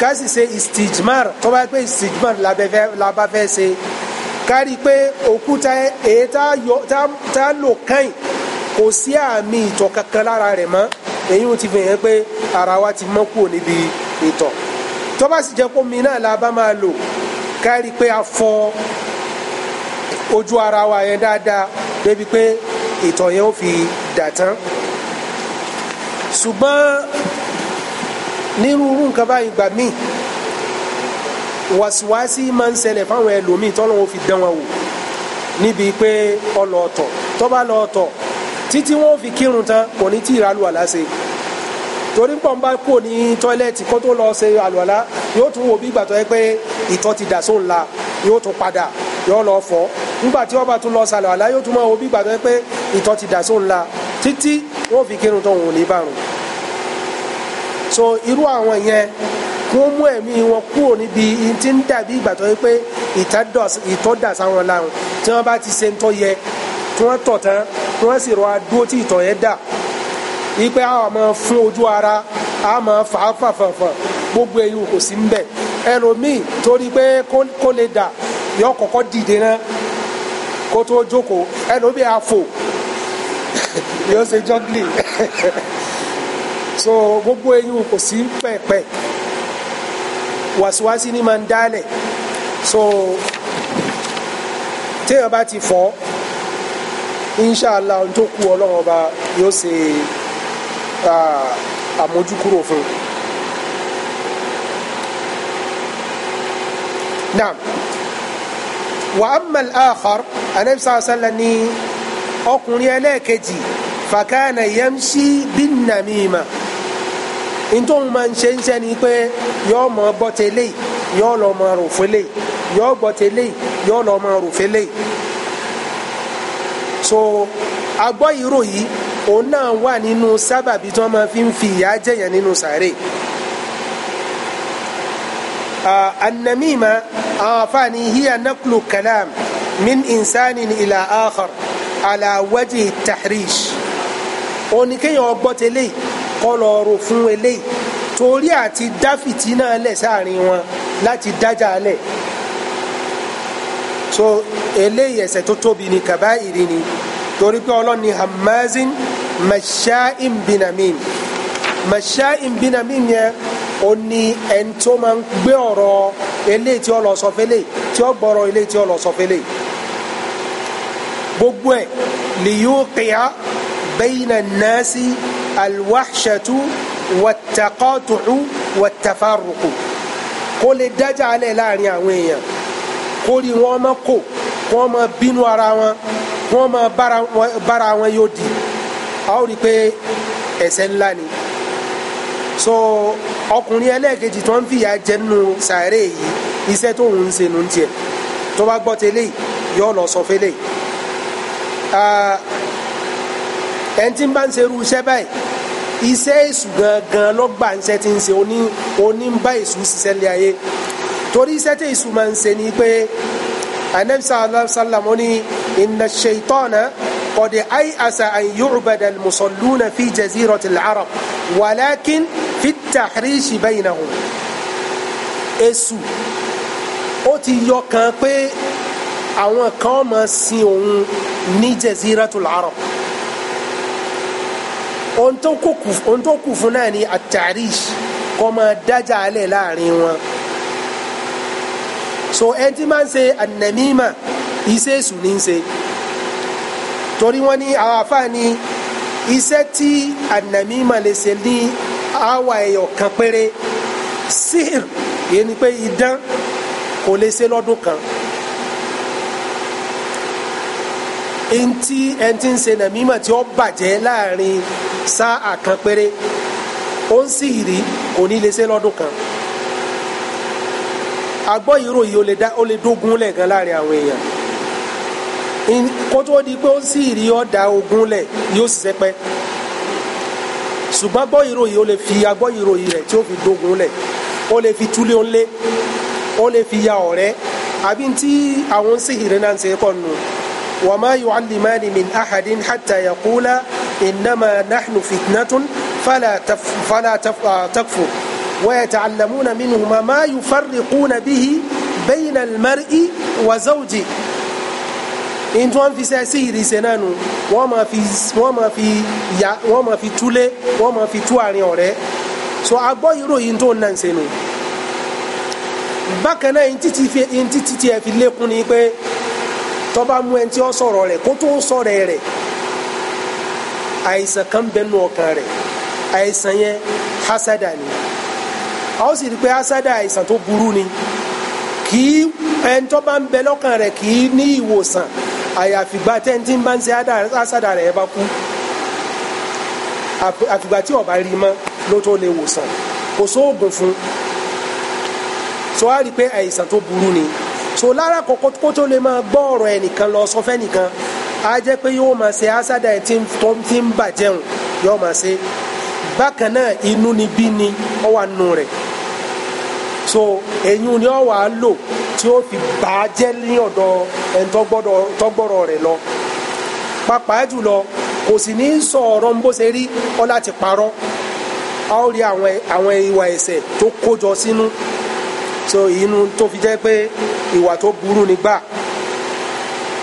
ká sì ṣe istijmar tó bá pé istijmar la bá fẹ́ ṣe ká rí i pé òkúta èyí tá lò kàn yìí kò sí àmì ìtọ̀ kankan lára rẹ̀ mọ́ èyí ti fi hàn pé ara wa ti mọ́ kúrò níbi ìtọ̀ tó bá sì jẹ́ kó mi náà la bá máa lò ká rí i pé a fọ ojú ara wa yẹn dáadáa débi pé ìtọ̀ yẹn ó fi dà tán ṣùgbọ́n nírúurú nǹkan báyìí gbà míì wàsíwàsí máa ń ṣẹlẹ̀ fáwọn ẹlòmíì tọ́lọ́ fi dán wọn wò níbi pé ọlọ́ọ̀tọ̀ tó bá lọ́ọ̀tọ̀ títí wọn fi kírun tán kò ní tí ì ralu àlá ṣe torí pọ̀ ń bá kú ní tọ́ílẹ̀tì kó tó lọ ṣe àlùwàlá yóò tún wò bí ìgbà tó yẹ pé ìtọ̀ ti dà sóun la yóò tún padà yóò lọ fọ̀ nígbà tí wọ́n bá tún lọ ṣàlùwàlá yóò tún máa wò bí ìgbà tó yẹ pé ìtọ̀ ti dà sóun la títí wọ́n fi kírun tó wò ní bàrùn. so irú àwọn yẹn kó mú ẹ̀mí wọn kúrò níbi tí ń dàbí ìgbà tó yẹ pé ìtọ̀ dà sáwọn láhùn tí wọ́n bá ti ṣe ń tọ́ yẹ tí wọ́n tọ̀ tán wọ́n sì rọ adó tí ìtọ̀ yẹn dà ipe a máa fún ojú ara a máa fa á fàfàfà gbogbo eyín kò sí nbẹ ẹlòmíì torí pé kó lè dà yọ kọkọ dìde náà kó tó jókòó ẹlòmíì àfò yóò ṣe jọgìlì so gbogbo eyín kò sí pẹ̀pẹ̀ wàsíwàsí ni máa ń dálẹ̀ so téèyàn bá ti fọ́ inshàlá ohun tó kù ọlọ́run ọba yóò ṣe àmójúkúrò fún un. naam wa amma al-akhar anabi sàlẹ̀ ní ọkùnrin ẹlẹ́ẹ̀kejì fàkànà yamshi bin namima ntòun máa ń ṣe ń ṣe ni pé yọ́ọ́ mọ̀ bọ́tẹ́lẹ̀ yọ́ọ́ lọ́ọ́ mọ̀ rò fẹ́lẹ̀ yọ́ọ́ bọ́tẹ́lẹ̀ yọ́ọ́ lọ́ọ́ mọ̀ rò fẹ́lẹ̀ so agbọ́ ìró yìí òun náà wà nínú sábàbí tí wọ́n máa fi ń fi ìyà jẹ̀yàn nínú sàárè annamima àwọn afáàní hiya naklu kalam min insanin ila akhar ala wajhi tahrish òun ni kéèyàn tẹ́lẹ̀ kọlọ̀ fún eléyìí torí àti dá fìtínà lẹ̀ sáàrin wọn láti dájà lẹ̀ so eléyìí ẹ̀ṣẹ̀ tó tóbi ni kàbáyìrì ni torí pé ọlọ́run ni hamazin mashaim binamin mashaim binamin yẹn ó ní ẹni tó máa ń gbé ọ̀rọ̀ eléyìí tí ó lọ sọ fẹ́lẹ̀ tí ó gbọ́rọ̀ eléyìí tí ó lọ sọ fẹ́lẹ̀ gbogbo ẹ̀ liyuqiya bayna nasi alwahshatu wattaqatu'u wattafarruqu kó lè dájà alẹ́ láàrin àwọn èèyàn kórì wọn má kò wọn má bínú ara wọn wọn má bára wọn yóò di a rí pé ẹ̀ṣẹ̀ ńlá ni so ọkùnrin ẹlẹ́ẹ̀kejì tó ń fìyà jẹ nínú sàárè yìí iṣẹ́ tó ń ṣe nù ń tiẹ̀ tó bá gbọ́ tẹ́lẹ̀ yóò lọ sọ fẹ́lẹ̀ ẹni tí ń bá ń ṣerú iṣẹ́ báyìí iṣẹ́ èṣù gangan lọ́gbà ń ṣe ti ń ṣe oní ń bá èṣù ṣiṣẹ́ lé ayé torí iṣẹ́ tí èṣù máa ń ṣe ni pé anabi sallallahu alayhi wa sallam ní inna shaytana qad ay'asa an yu'bada al-musalluna fi jazirati al-arab walakin fi at-tahrish baynahum èṣù ó ti yọ kan pé àwọn kan máa sin òun ní jazirati al-arab ohun náà ni at kọ́ máa dájà alẹ́ láàrin wọn so ẹni tí máa ń ṣe ànàmímà iṣẹ́ èṣù ní í ṣe torí wọ́n ní àwọn àfáàní iṣẹ́ tí ànàmímà lè ṣe ní àwa ẹyọ kan péré sír yìí ni pé idán kò lè ṣe lọ́dún kan ntí ẹni tí ń ṣe nàmímà tí ó bàjẹ́ láàrin sáà kan péré ó ń sì rí kò ní lè ṣe lọ́dún kan agbọ́ ìròyìn ó lè dógun lẹ̀ gan láàrin àwọn èèyàn kó tó di pé ó sì rí ọ̀dà ogun lẹ̀ yóò sì sẹ́pẹ́ ṣùgbọ́n agbọ́ ìròyìn ó lè fi agbọ́ ìròyìn rẹ̀ tí ó fi dógun lẹ̀ ó lè fi túlé ńlé ó lè fi ya ọ̀rẹ́ àbí tí àwọn sìhìrì náà ṣe kọ́ nù wa ma yu'allimani min ahadin hatta yaqula innama nahnu fitnatun fala ah, takfur. ويتعلمون منهما ما يفرقون به بين المرء وزوجه in tí wọ́n fi ṣe sí ìrìnsẹ̀ náà nù wọ́n máa fi wọ́n máa fi ya wọ́n máa fi túlé wọ́n máa fi tú àárín ọ̀rẹ́ so agbọ́ ìròyìn tó ń nà ń ṣe nù. in títí fi in títí tí ẹ fi lékún ni pé tó bá mú ẹni tí ó sọ̀rọ̀ rẹ̀ kó tó sọ̀rọ̀ rẹ̀ àìsàn kan bẹ́ẹ̀ nù ọkàn rẹ̀ àìsàn yẹn hásádà a si sì rí pé asada àìsàn tó burú ni kì í ẹni tó bá ń bẹ lọ́kàn rẹ̀ kì í ní ìwòsàn àyàfi ìgbà tẹ́ni tí ń bá ń ṣe hasada rẹ̀ bá kú àfìgbà tí ó rí mọ́ ló tó lè wòsàn kò sóògùn fún so a rí pé àìsàn tó burú ni so lára kọ̀kọ́ kó tó lè máa gbọ́ ọ̀rọ̀ ẹnìkan lọ sọ fẹ́nìkan á jẹ́ pé yóò máa ṣe hasada ẹ̀ tí ń bàjẹ́hùn yóò máa ṣe bákan náà inú ni bí ni wà nù rẹ̀. so ẹ̀yin ni ọ wàá lò tí ó fi bà á jẹ́ ní ọ̀dọ̀ ẹni tọ́gbọ́rọ̀ rẹ̀ lọ pàápàá jùlọ kò sì ní sọ ọ̀rọ̀ bó ṣe rí ọ láti parọ́ a ó rí àwọn ìwà ẹ̀ṣẹ̀ tó kójọ sínú so inú tó fi jẹ́ pé ìwà tó burú ni gbà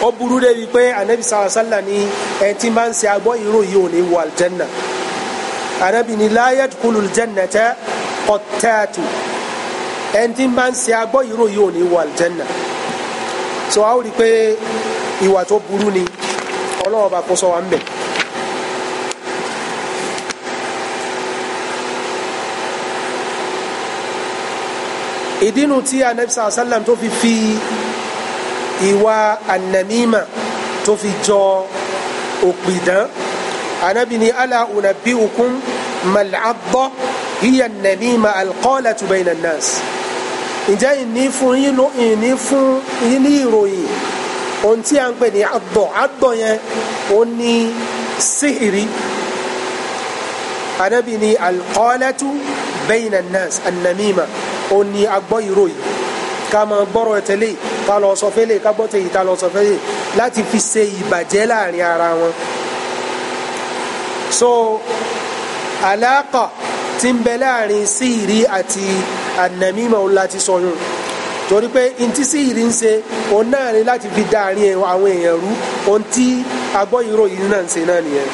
ó burú débi pé anabi sàlásàlà ni ẹni tí máa ń ṣe agbọ́ ìró yìí ò ní wọ aljanna anabi ni la yadkhulul jannata qattatu ẹni tí ń bá ń ṣe agbọ́ ìró yìí ò ní wọ àlùjẹ́nà so a ó rí i pé ìwà tó burú ni ọlọ́run ọba kó ṣọ́ wa ń bẹ̀. ìdínú tí anabisa asalam tó fi fi ìwà anamima tó fi jọ òpìdán anabi ni ala unabbi'ukum mal 'adda hiya an-namima alqalatu bayna ǹjẹ́ ìní fún yín ìní fún yín ní ìròyìn ohun tí a ń pè ní àgbọ̀ àgbọ̀ yẹn ó ní síhìrì anabi ni alqalatu bayna an-nas an-namima ó ní agbọ́ ìròyìn ká máa gbọ́rọ̀ tẹ́lẹ̀ ká lọ sọ fẹ́lẹ̀ ká gbọ́ tẹ̀yìn ká lọ sọ fẹ́lẹ̀ láti fi ṣe ìbàjẹ́ láàrin ara wọn. so aláàkà tí ń bẹ láàrin síhìrì àti ànàmímà òun láti sọyún torí pé ntí sí ìrì ń ṣe òun náà ni láti fi dá àárín àwọn èèyàn rú ohun tí agbọ́ ìròyìn náà ń ṣe náà nìyẹn.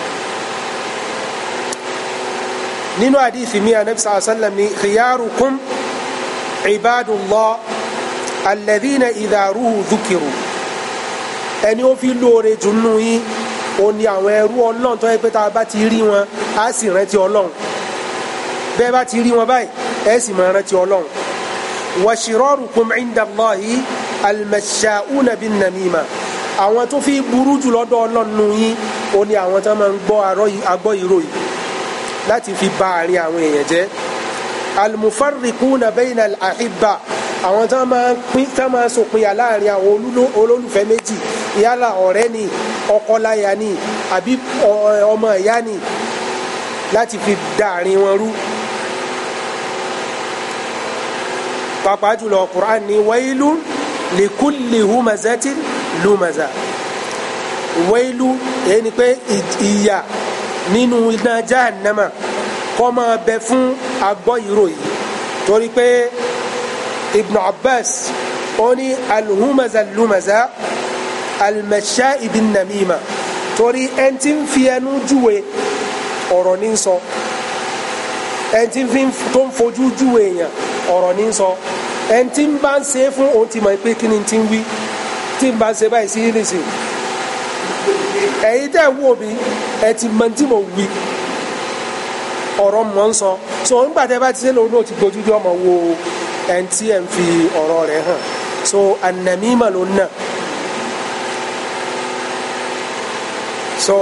nínú àdìsí mi anabi sàlá sàlám ni khiyarukum ibadullah alladhina idha ruhu dhukiru ẹni ó fi lóore dùnú yín ó ní àwọn ẹrú ọlọ́run tó bá ti rí wọn á sì rántí ọlọ́run bẹ́ẹ̀ bá ti rí wọn báyìí ẹ sì máa rántí ọlọ́run wa shirarukum inda Allahi al-masha'una bin-namima àwọn tó fi burú jù lọ́dọ̀ ọlọ́nu yín ó ní àwọn tó máa ń gbọ́ agbọ́ ìró yìí láti fi bà àárín àwọn èèyàn jẹ́ al-mufarriquna bayna àwọn tó máa pín tó máa ṣòpinya láàrin àwọn olólùfẹ́ méjì yálà ọ̀rẹ́ ni ọkọ láya ni àbí ọmọ ìyá ni láti fi dà àárín wọn rú. pàápàá jùlọ Qur'an ní wailu likulli humazatin lumaza wailu èyí ni pé ìyà nínú iná jahannama kọ́ máa bẹ fún agbọ́ ìròyìn torí pé Ibn Abbas ó ní alhumaza lumaza almasha ibin namima torí ẹni tí ń fi ẹnu júwe ọ̀rọ̀ ní sọ ẹni tí ń fi tó ń fojú júwe èèyàn ọ̀rọ̀ ní sọ ẹni tí ń bá ń ṣe fún òun ti mọ̀ pé kí ni ti ń wí tí ń bá ń ṣe báyìí sí nìsín ẹ̀yin tẹ́ ń wò mí ẹ ti mọ̀ tí mo wí ọ̀rọ̀ mọ̀ ń sọ so nígbà tẹ́ bá ti ṣe lòun náà ti gbójú jọ mọ̀ wo ẹni tí ẹ̀ ń fi ọ̀rọ̀ rẹ̀ hàn so ànàmímà ló ń nà so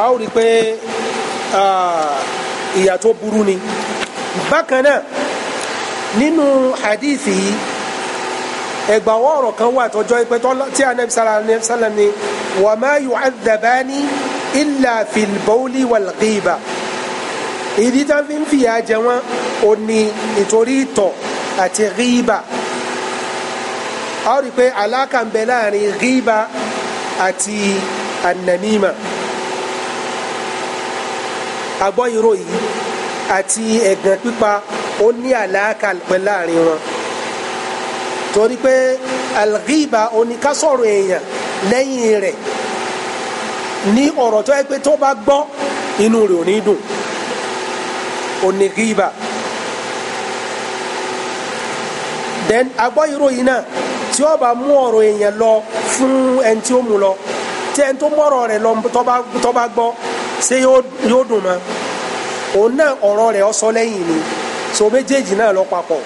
a ó rí i pé ah, ìyà burú ni bákan náà nínú hadithi yìí ẹgbàwọ́ ọ̀rọ̀ kan wà tọjọ́ pé tí anabi sallam ni wa ma yu'adhabani illa fil bawli wal ghiba ìdí tá fi ń fìyà jẹ wọn ò ní ìtorí ìtọ̀ àti ghiba a pé aláka láàrin ghiba àti anamima àgbọ̀ yìí àti ẹ̀gàn pípa ó ní àlàáka pẹ̀ láàrin wọn torí pé alghiba oníkásọ̀rọ̀ èèyàn lẹ́yìn rẹ̀ ní ọ̀rọ̀ tó yẹ pé tó bá gbọ́ inú rẹ̀ ò ní dùn oníghiba then agbọ́ ìròyìn náà tí ó bá mú ọ̀rọ̀ èèyàn lọ fún ẹni tí ó mú lọ tí ẹni tó mọ̀rọ̀ rẹ̀ lọ tó bá gbọ́ ṣé yóò dùn mọ́. òun náà ọ̀rọ̀ rẹ̀ ọ sọ lẹ́yìn ni so méjèèjì náà lọ papọ̀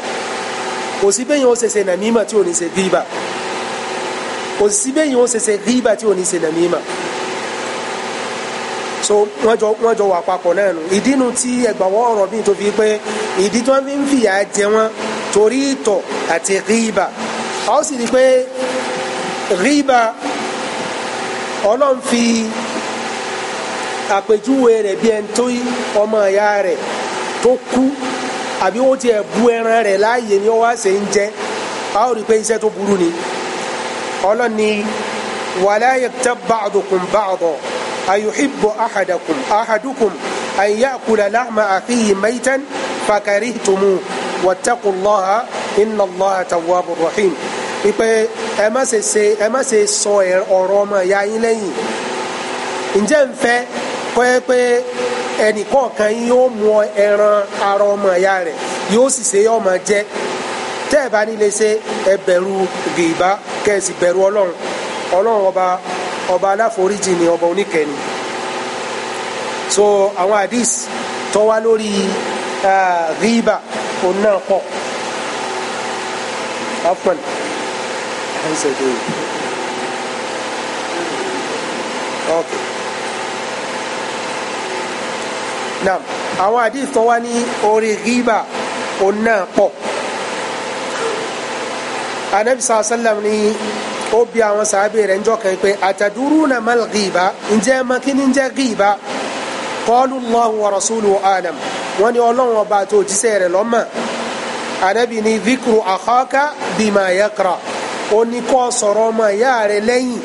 kò sí bẹ́yìn ó ṣẹṣẹ nàmímà tí ò ní ṣe gíbà kò sí bẹ́yìn so wọ́n jọ wọ́n jọ wà papọ̀ náà nù ìdínú tí ẹgbàwọ́ ọ̀rọ̀ bíi fi pé ìdí tí wọ́n fi ń fìyà jẹ torí ìtọ̀ àti gíbà ọ sì rí pé gíbà fi. àpèjúwe rẹ̀ bí ẹni tó ọmọ ìyá rẹ̀ tó kú àbí ó tiẹ̀ bu ẹran rẹ̀ láàyè ni ó wá ṣe ń jẹ a ó rí i pé iṣẹ́ tó burú ni ọlọ́ni wala yaktab ba'dukum ba'da ayuhibbu ahadakum ahadukum an ya'kula lahma akhihi maytan fakarihtumuhu wattaqullaha innallaha tawwabur rahim wípé ẹ má ṣe ṣe ẹ má ṣe sọ ọ̀rọ̀ ọmọ ìyá yín lẹ́yìn ǹjẹ́ ń kọ́ ẹ pé ẹnì kọ̀ọ̀kan mú ẹran ara ọmọ ìyá rẹ̀ yóò sì ṣe yóò máa jẹ tẹ́ ẹ bá nílé ṣe ẹ bẹ̀rù gèèbá kẹ́ ẹ sì bẹ̀rù ọlọ́run ọlọ́run ọba ọba aláforíjì ni so àwọn lórí naam àwọn àdìs tó wá ní orí gíbà òun náà pọ̀ anabi sàlá sàlám ní ó bi àwọn sàábẹ̀ rẹ̀ ńjọ́ kan pé ataduruna mal gíbà ǹjẹ́ makíní ǹjẹ́ gíbà qalu Allahu wa rasuluhu alam wọn ni ọlọ́run ọba àti òjíṣẹ́ rẹ̀ ló mọ̀ anabi ní dhikru akhaka bima yakra ó ní kó sọ̀rọ̀ ọmọ ìyá rẹ̀ lẹ́yìn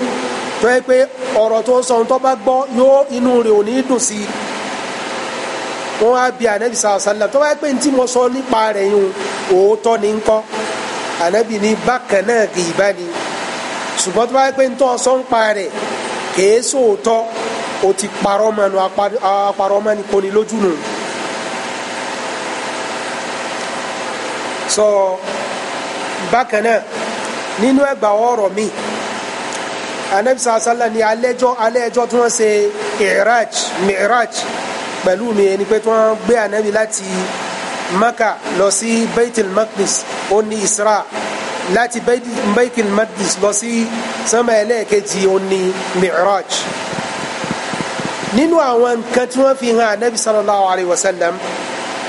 tó yẹ pé ọ̀rọ̀ tó sọ ohun tó bá gbọ́ yóò inú rẹ̀ ò ní dùn sí wọ́n á bi anabi sàlọ sàlọ tó bá pé ntí mo sọ nípa rẹ̀ yìí òótọ́ ni ń kọ́ anabi ní bákan náà kì í bá ní ṣùgbọ́n tó bá pé ntọ́ sọ ń pa rẹ̀ kèé sóòótọ́ o ti parọ́ mọ́nu aparọ́ mọ́ni koni lójú nù. sọ bákan náà nínú ẹgbà ọ̀rọ̀ mi anabi sàlọ sàlọ ní alẹ́jọ́ alẹ́jọ́ tí wọ́n ṣe iraj miraj pẹ̀lú mi ẹni pé tí wọ́n gbé ànábì láti maka lọ sí baitul maqdis ó ní isra láti baitul maqdis lọ sí sánmà ẹlẹ́ẹ̀kejì ó ní mi'raj nínú àwọn nǹkan tí wọ́n fi hàn ànábì sallallahu alayhi wa sallam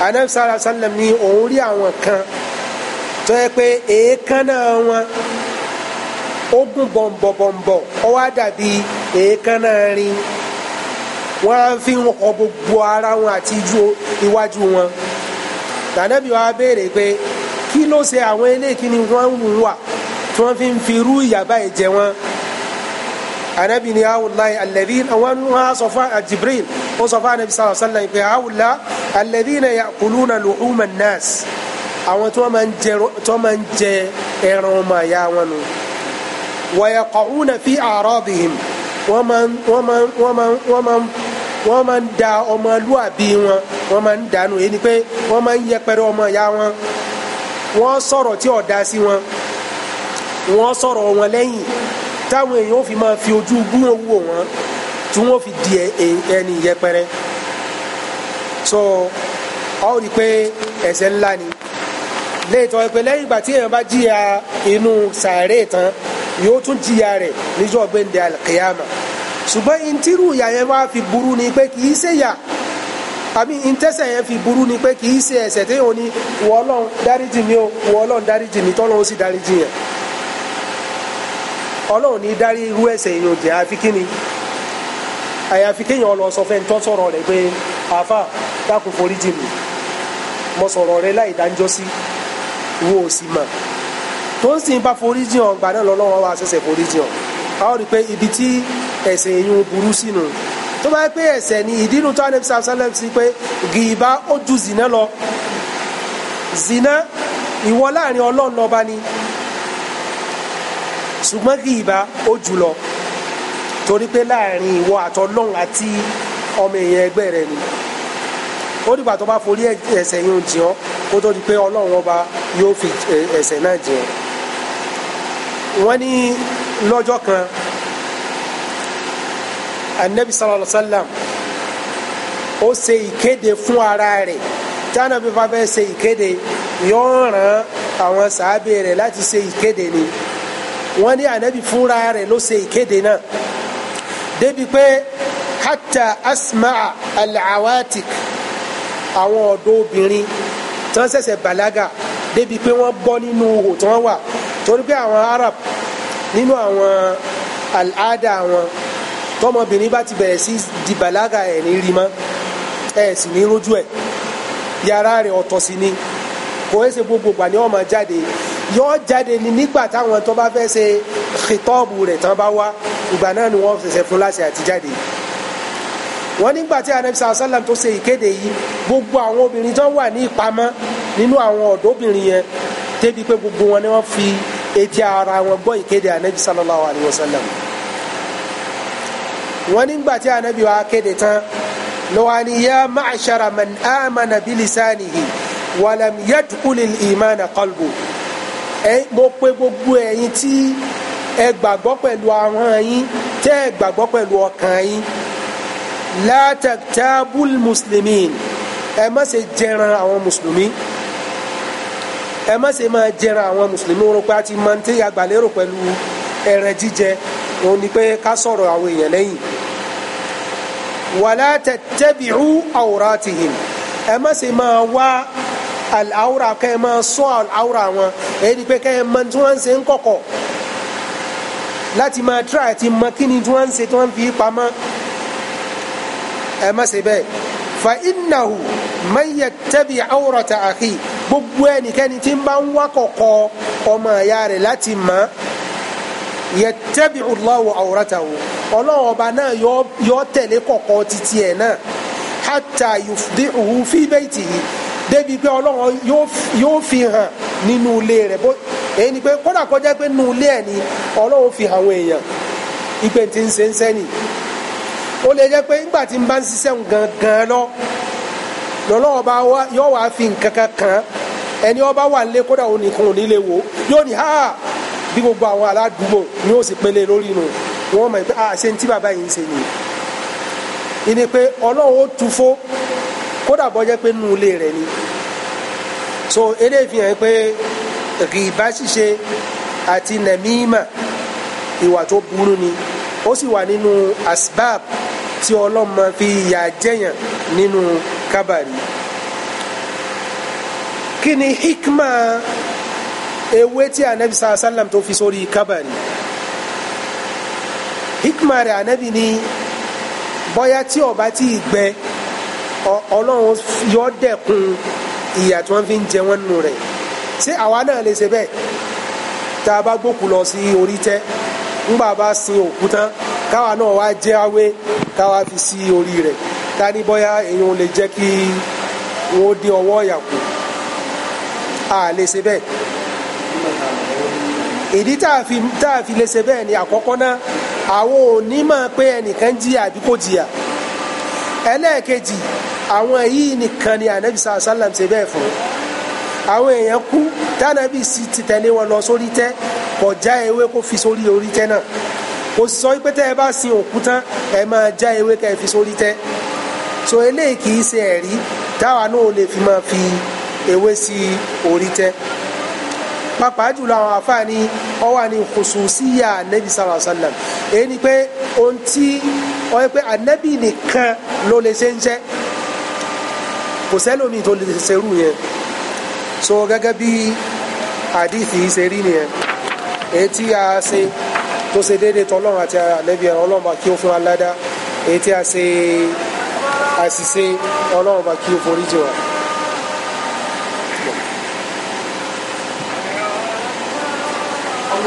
ànábì sallallahu alayhi wa òun rí àwọn kan tó yẹ pé èékánná wọn ó gùn bọ̀m̀bọ̀m̀bọ̀ ó wá dàbí èékánná rin wọ́n fi ń họ gbogbo ara wọn àti iwájú wọn tànàbí wa béèrè pé kí ló ṣe àwọn eléyìí kí ni wọ́n ń wà tí wọ́n fi ń fi irú ìyàbá ìjẹ wọn anabi ni awula alẹ́bí wọn wọn sọ fún Jibril ó sọ fún anabi sallallahu alaihi wasallam pé awula alẹ́bí na yakuluna luhuma nas àwọn tí wọ́n máa ń jẹ ẹran ọmọ àyà wọn nù wọ́yẹ kọ̀ọ̀hún na fi àárọ̀ bìhìm wọ́n máa ń wọ́n máa ń da ọmọlúàbí wọn wọ́n máa ń dànù èyí ni pé wọ́n máa ń yẹpẹrẹ ọmọ ìyá wọn wọ́n sọ̀rọ̀ tí ọ̀dà sí wọn wọ́n sọ̀rọ̀ wọn lẹ́yìn táwọn èèyàn ò fi máa fi ojú gbúwọ̀n wò wọ́n tí wọ́n fi di ẹni yẹpẹrẹ so ọ rí i pé ẹ̀ṣẹ̀ ńlá ni léètọ́ ìpè lẹ́yìn ìgbà tí èèyàn bá jìyà inú sàárè tán yóò tún jìyà rẹ̀ níjọ́ gbẹ̀ǹdẹ̀ àlùkìyàmà ṣùgbọ́n intírù ìyà yẹn wá fi burú ni pé kì í ṣe yà àbí intẹ́sẹ̀ yẹn fi burú ni pé kì í ṣe ẹ̀ṣẹ̀ tí òun ni wọ́ ọlọ́run dáríjì mi o wọ́ ọlọ́run dáríjì mi tọ́lọ́run sì dáríjì yẹn ọlọ́run ní dárí irú ẹ̀ṣẹ̀ yìí ò jẹ́ kí ni àyàfi kéèyàn lọ sọ fẹ́ni tó sọ̀rọ̀ rẹ̀ pé àáfà dákun foríjì mi mo sọ̀rọ̀ rẹ̀ láì dáńjọ́ sí wo ò sì mọ̀ tó ń sìn bá foríjì hàn gbà náà lọ́lọ́run wá ṣẹ̀ṣẹ̀ foríjì hàn a ó rí i pé ibi tí ẹ̀sìn ìyún burú sínú tó bá yẹ pé ẹ̀ṣẹ̀ ni ìdínú tó ànábì sàlẹ̀ sí pé gìbá ó ju zìnà lọ zìnà ìwọ láàrin ọlọ́run lọ́ba ni ṣùgbọ́n gìbá ó jù lọ torí pé láàrin ìwọ àtọlọ́run àti ọmọ èèyàn ẹgbẹ́ rẹ ni ó dìgbà tó bá forí ẹ̀ṣẹ̀ yìí jìn ọ́ kó tó di pé ọlọ́run ọba yóò fi ẹ̀ṣẹ̀ náà jìn ọ́ wọ́n ní lọ́jọ́ kan anabi sallallahu alayhi wa sallam ó ṣe ìkéde fún ara rẹ̀ tí anabi bá fẹ́ ṣe ìkéde yóò rán àwọn sàábé rẹ̀ láti ṣe ìkéde ni wọ́n ní anabi fúnra rẹ̀ ló ṣe ìkéde náà débi pé hata asmaa alawatik àwọn ọ̀dọ́ obìnrin tí wọ́n ṣẹ̀ṣẹ̀ débi pé wọ́n bọ́ nínú ihò tí wọ́n wà torí pé àwọn Arab nínú àwọn àlàáda wọn tọmọbìnrin bá ti bẹ̀rẹ̀ sí di bàlágà ẹ̀ ní rí ẹ̀ sì ní rójú ẹ̀ yàrá rẹ̀ ọ̀tọ̀ sí ni kò é ṣe gbogbo gbà ní ó máa jáde yóò jáde ní nígbà táwọn tó bá fẹ́ ṣe xitọ́ọ̀bù rẹ̀ tán bá wá ìgbà náà ni wọ́n ṣẹ̀ṣẹ̀ fún láṣẹ àti jáde wọ́n nígbà tí anabisa asalam tó ṣe ìkéde yìí gbogbo àwọn obìnrin tó wà ní ìpamọ́ nínú àwọn ọ̀dọ́bìnrin yẹn débi pé gbogbo wọn ni wọ́n fi etí ara wọn gbọ́ ìkéde anabi sallallahu alayhi wa sallam wọn nígbà tí anabi wa kéde tán lọ́wọ́ni yá ma'ashara man amana bilisanihi walam yadkulil imana qalbu ẹ mo pè gbogbo ẹ̀yin tí ẹ gbàgbọ́ pẹ̀lú ahọ́n yín tẹ́ ẹ gbàgbọ́ pẹ̀lú ọkàn yín látàkítàbùl mùsùlùmí ẹ má ṣe jẹran àwọn mùsùlùmí ẹ má ṣe máa jẹran àwọn mùsùlùmí wọn pé a ti máa ń tẹ́ agbàlérò pẹ̀lú ẹran jíjẹ òun ni pé ká sọ̀rọ̀ àwọn èèyàn lẹ́yìn wàlá tẹ̀tẹ̀bìrú awratihim ẹ má ṣe máa wá àwòrán kẹ́ ẹ máa sọ àwòrán wọn èyí ni pé kẹ́ ẹ máa tí wọ́n ṣe ń kọ̀kọ̀ láti máa tíra àti mọ kí ni tí wọ́n ṣe tí wọ́n fi pamọ́ ẹ má ṣe bẹ́ẹ̀ fa innahu man yattabi awrata akhi gbogbo ẹnikẹ́ni tí ń bá ń wá kọ̀kọ̀ ọmọ ìyá rẹ̀ láti mọ̀ yattabi'u Allahu awratahu ọlọ́run ọba náà yọ tẹ̀lé kọ̀kọ̀ títí ẹ̀ náà hatta yufdi'uhu fi baytihi débi pé ọlọ́run yóò fi hàn nínú ilé rẹ̀ bó èyí pé kódà kọjá pé nínú ilé ẹ̀ ni ọlọ́run fi hàn àwọn èèyàn ìpè tí ń ṣe ń sẹ́ni ó lè jẹ́ pé nígbà tí n bá ń ṣiṣẹ́ gangan lọ lọ́lọ́wọ́ bá yọ wá fi nǹkan kan kàn án ẹni ọba wà nílé kódà ó nìkan ò nílé wo yóò ní ha bí gbogbo àwọn aládùúgbò ni ó sì pélé lórí nu wọn mọ̀ pé ah ṣe ń tí bàbá yìí ń ṣe nìyí ìní pé ọlọ́run ó tu fó kódà bọ́jẹ́ pé nù ilé rẹ̀ ni so eléyìí fi hàn pé rìbá ṣíṣe àti nàmímà ìwà tó burú ni ó sì wà nínú asbab tí ọlọ́run máa fi yà jẹ́yàn nínú kábàrí kini hikma ewé tí anabi sàlá sàlám tó fi sórí kábàrí hikma rẹ̀ anabi ni bóyá tí ó bá ti gbẹ ọlọ́run yọ dẹ́kun ìyà tí wọ́n fi ń jẹ wọ́n nù rẹ̀ ṣé àwa náà lè ṣe bẹ́ẹ̀ tá a bá gbókù lọ sí orí tẹ́ ńgbà bá sin òkú tán káwa náà wá jẹ́ awé káwa fi sí orí rẹ̀ ta ní bóyá èèyàn lè jẹ́ kí wọ́n dé ọwọ́ ìyàkú a lè ṣe bẹ́ẹ̀ ìdí tá a fi tá a fi lè ṣe bẹ́ẹ̀ ni àkọ́kọ́ náà àwọn onímọ̀ pé ẹnìkan jìyà àbí kò jìyà ẹlẹ́ẹ̀kejì àwọn yìí nìkan ni ànábì sàlá sàlám ṣe bẹ́ẹ̀ fún àwọn èèyàn kú tànàbì sì ti tẹ̀lé wọn lọ sórí tẹ́ kò ewé kó fi sórí orí tẹ́ náà kò sọ pé tẹ́ ẹ bá sin òkú tán ẹ máa já ewé kẹ́ ẹ fi sórí tẹ́ so eléyìí kì í ṣe ẹ̀rí táwa náà lè fi máa fi ewé sí orí tẹ́ pàápàá jùlọ àwọn afáàní ọwà ní khususiyya anabi sallallahu alayhi wa sallam èyí ni pé ohun tí wọ́n yẹ pé anabi nìkan ló lè ṣe ń ṣe kò sẹ́lómi tó lè ṣerú yẹn so gẹ́gẹ́ bí àdìsí ṣe rí nìyẹn èyí tí a ṣe tó ṣe déédéé tọ́lọ́run àti anabi ẹ̀rọ ọlọ́mọ kí ó fún aládá èyí tí a ṣe àṣìṣe ọlọ́run bá kí ó forí jì wá.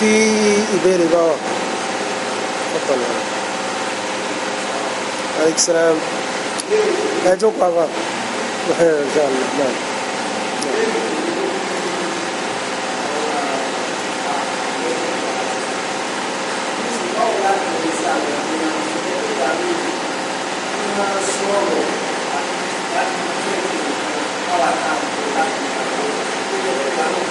tí ìbéèrè bá wà ọ̀pọ̀lọ̀ alexander ẹjọ́ pàpà ọ̀gá náà. Thank you.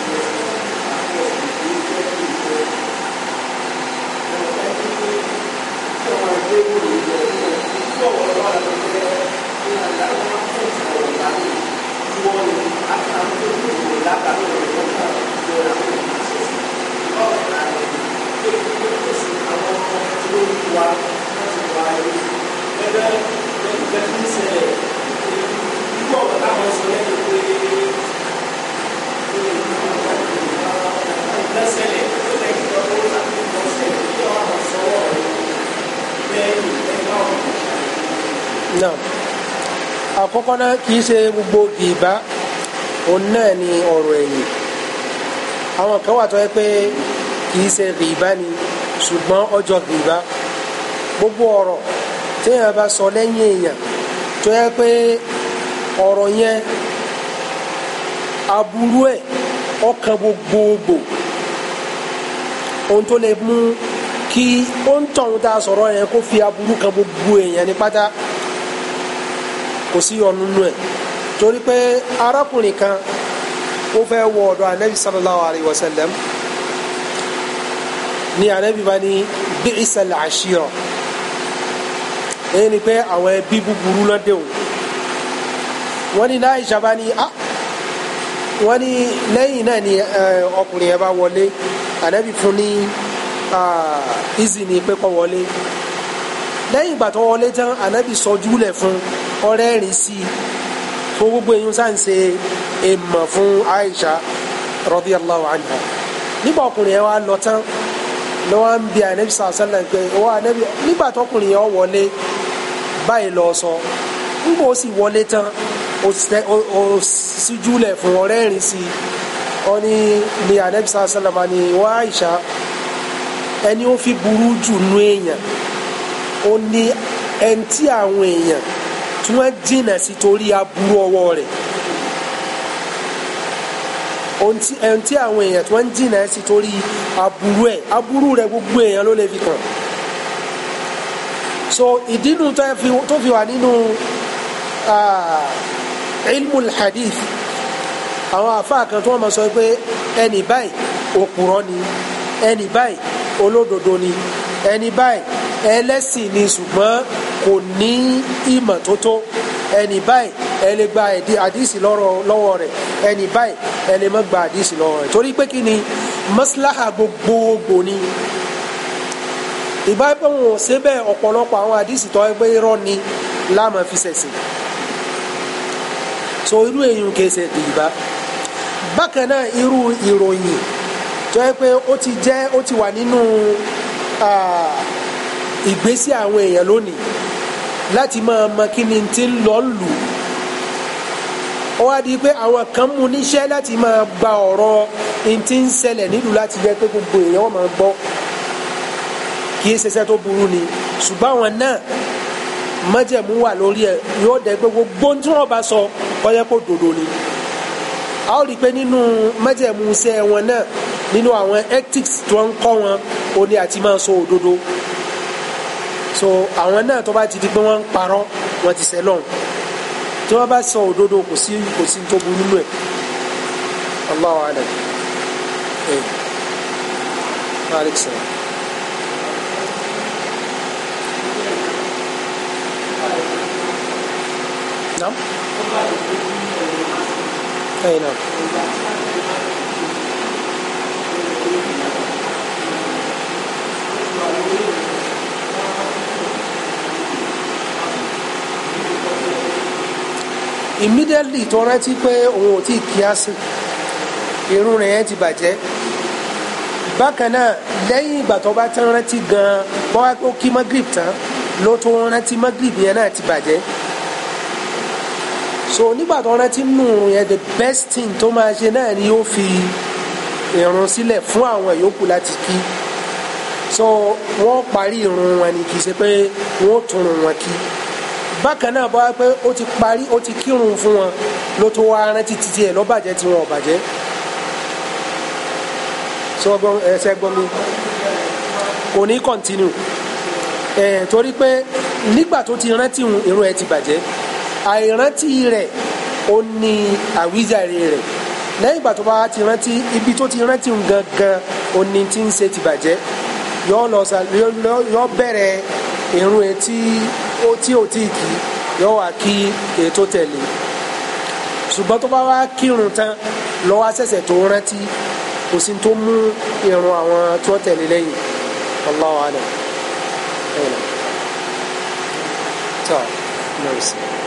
Gracias. náà àkọ́kọ́ náà kìí ṣe gbogbo gìbá òun náà ni ọ̀rọ̀ ẹ̀yìn àwọn kan wà tó yẹ pé kìí ṣe gìbá ni ṣùgbọ́n ọjọ́ gìbá gbogbo ọ̀rọ̀ téèyàn bá sọ lẹ́yìn èèyàn tó yẹ pé ọ̀rọ̀ yẹn aburú ẹ̀ ọkàn gbogbogbò ohun tó lè mú kí ó ń tọ̀hún tá a sọ̀rọ̀ yẹn kó fi aburú kan gbogbo èèyàn ní pátá kò sí ọ̀nù nù ẹ̀ torí pé arákùnrin kan ó fẹ́ wọ ọ̀dọ̀ anabi sallallahu alayhi wa sallam ní anabi bá ní bi'sal ashira èyí ni pé àwọn ẹbí búburú náà dé o wọ́n ní náà ìjàmbá ní a ah! wọ́n ní lẹ́yìn náà ni ọkùnrin yẹn bá wọlé anabi fún ní izini ni pé kó wọlé lẹ́yìn ìgbà tó wọlé tán anabi sọjú lẹ̀ fún un. Ọrịa irisi, sí i fún gbogbo èyí sáà fún Aisha radiyallahu Allah nígbà ọkùnrin yẹn wá lọ tán ló wá ń bi anabi sàlá pé wọ́n anabi nígbà tọkùnrin yẹn wọlé báyìí lọ sọ nígbà ó sì wọlé tán ó sì júlẹ̀ fún ọ̀rẹ́ rìn sí i ó ní Aisha ẹni ó fi burú jù nú èèyàn ó ní ẹni tí wọ́n jìnnà sí torí aburú ọwọ́ rẹ̀ ohun tí àwọn èèyàn tí wọ́n ń jìnnà sí torí aburú ẹ̀ aburú rẹ̀ gbogbo èèyàn ló lè fi kàn so ìdínú tó fi wà nínú ilmul hadith àwọn àfáà kan tí wọ́n máa sọ pé ẹni báyìí òpùrọ́ ni ẹni báyìí olódodo ni ẹni báyìí ẹlẹ́sìn ni ṣùgbọ́n kò ní ìmọ̀ tó tó ẹni báyìí ẹ lè gba àdìsí lọ́wọ́ rẹ̀ ẹni báyìí ẹ lè má gba àdìsí lọ́wọ́ rẹ̀ torí pé kí ni maslaha gbogbogbò ni ìbáwọ̀n síbẹ̀ ọ̀pọ̀lọpọ̀ àwọn àdìsí tó ẹgbẹ́ irọ́ ni láàmú fi ṣẹ̀sìn so irú èyàn kẹsẹ̀ dìgbà bákan náà irú ìròyìn tó yẹ pé ó ti jẹ́ ó ti wà nínú. Uh, ìgbésí àwọn èèyàn lónìí láti máa mọ kí ni ti ń lọ lù ó wá di pé àwọn kan mú níṣẹ́ láti máa gba ọ̀rọ̀ ní ti ń ṣẹlẹ̀ nílùú láti jẹ́ pé gbogbo èèyàn wọ́n máa gbọ́ kì í tó burú ni ṣùgbọ́n àwọn náà májẹ̀mú wà lórí ẹ̀ yóò dẹ́ pé gbogbo tí wọ́n bá sọ wọ́n kó dòdò ni a ó rí i pé nínú májẹ̀mú iṣẹ́ wọn náà nínú àwọn ethics tí wọ́n ń kọ́ wọn òní àti máa sọ òdodo so àwọn náà tó bá ti di pé wọ́n ń parọ́ wọ́n ti sẹ́ lọ́hùn tí wọ́n bá sọ òdodo kò sí kò sí tó burú nù ẹ̀ Allahu alam ẹ̀ malik sọ̀rọ̀. Hey, naam. immediately tó rántí pé òun ò tí ì kíyàsí irun rẹ̀ yẹn ti bàjẹ́ bákan náà lẹ́yìn ìgbà tó bá tán rántí gan-an bọ́ wá kí magrib tán ló tó rántí magrib yẹn náà ti bàjẹ́ so nígbà tó rántí nù yẹn the best thing tó máa ṣe náà ni ó fi irun sílẹ̀ fún àwọn yòókù láti kí so wọ́n parí irun wọn ni kì í ṣe pé wọ́n tún irun wọn kí bákan náà bá pé ó ti parí ó ti kírun fún wọn ló tó wá rántí títí ẹ̀ lọ́bàjẹ́ tí wọn ò bàjẹ́ sọgbọn ẹsẹ gbọn mi kò ní kọ́ntínú ẹ̀ torí pé nígbà tó ti rántí irun ẹ̀ ti bàjẹ́ àìrántí rẹ̀ ó ní àwíjàre rẹ̀ lẹ́yìn ìgbà tó bá ti rántí ibi tó ti rántí gangan òní tí ń ṣe ti bàjẹ́ yọ lọ sa yọ bẹ̀rẹ̀ irun etí ó tí ò tí kì yọ wá kí ètò tẹ̀lé ṣùgbọ́n tó bá wá kírun tán lọ́wọ́ àṣẹ̀ṣẹ̀ tó rántí kò sí tó mú irun àwọn tó tẹ̀lé lẹ́yìn Allahu alam. Tọ́ lọ́sẹ̀.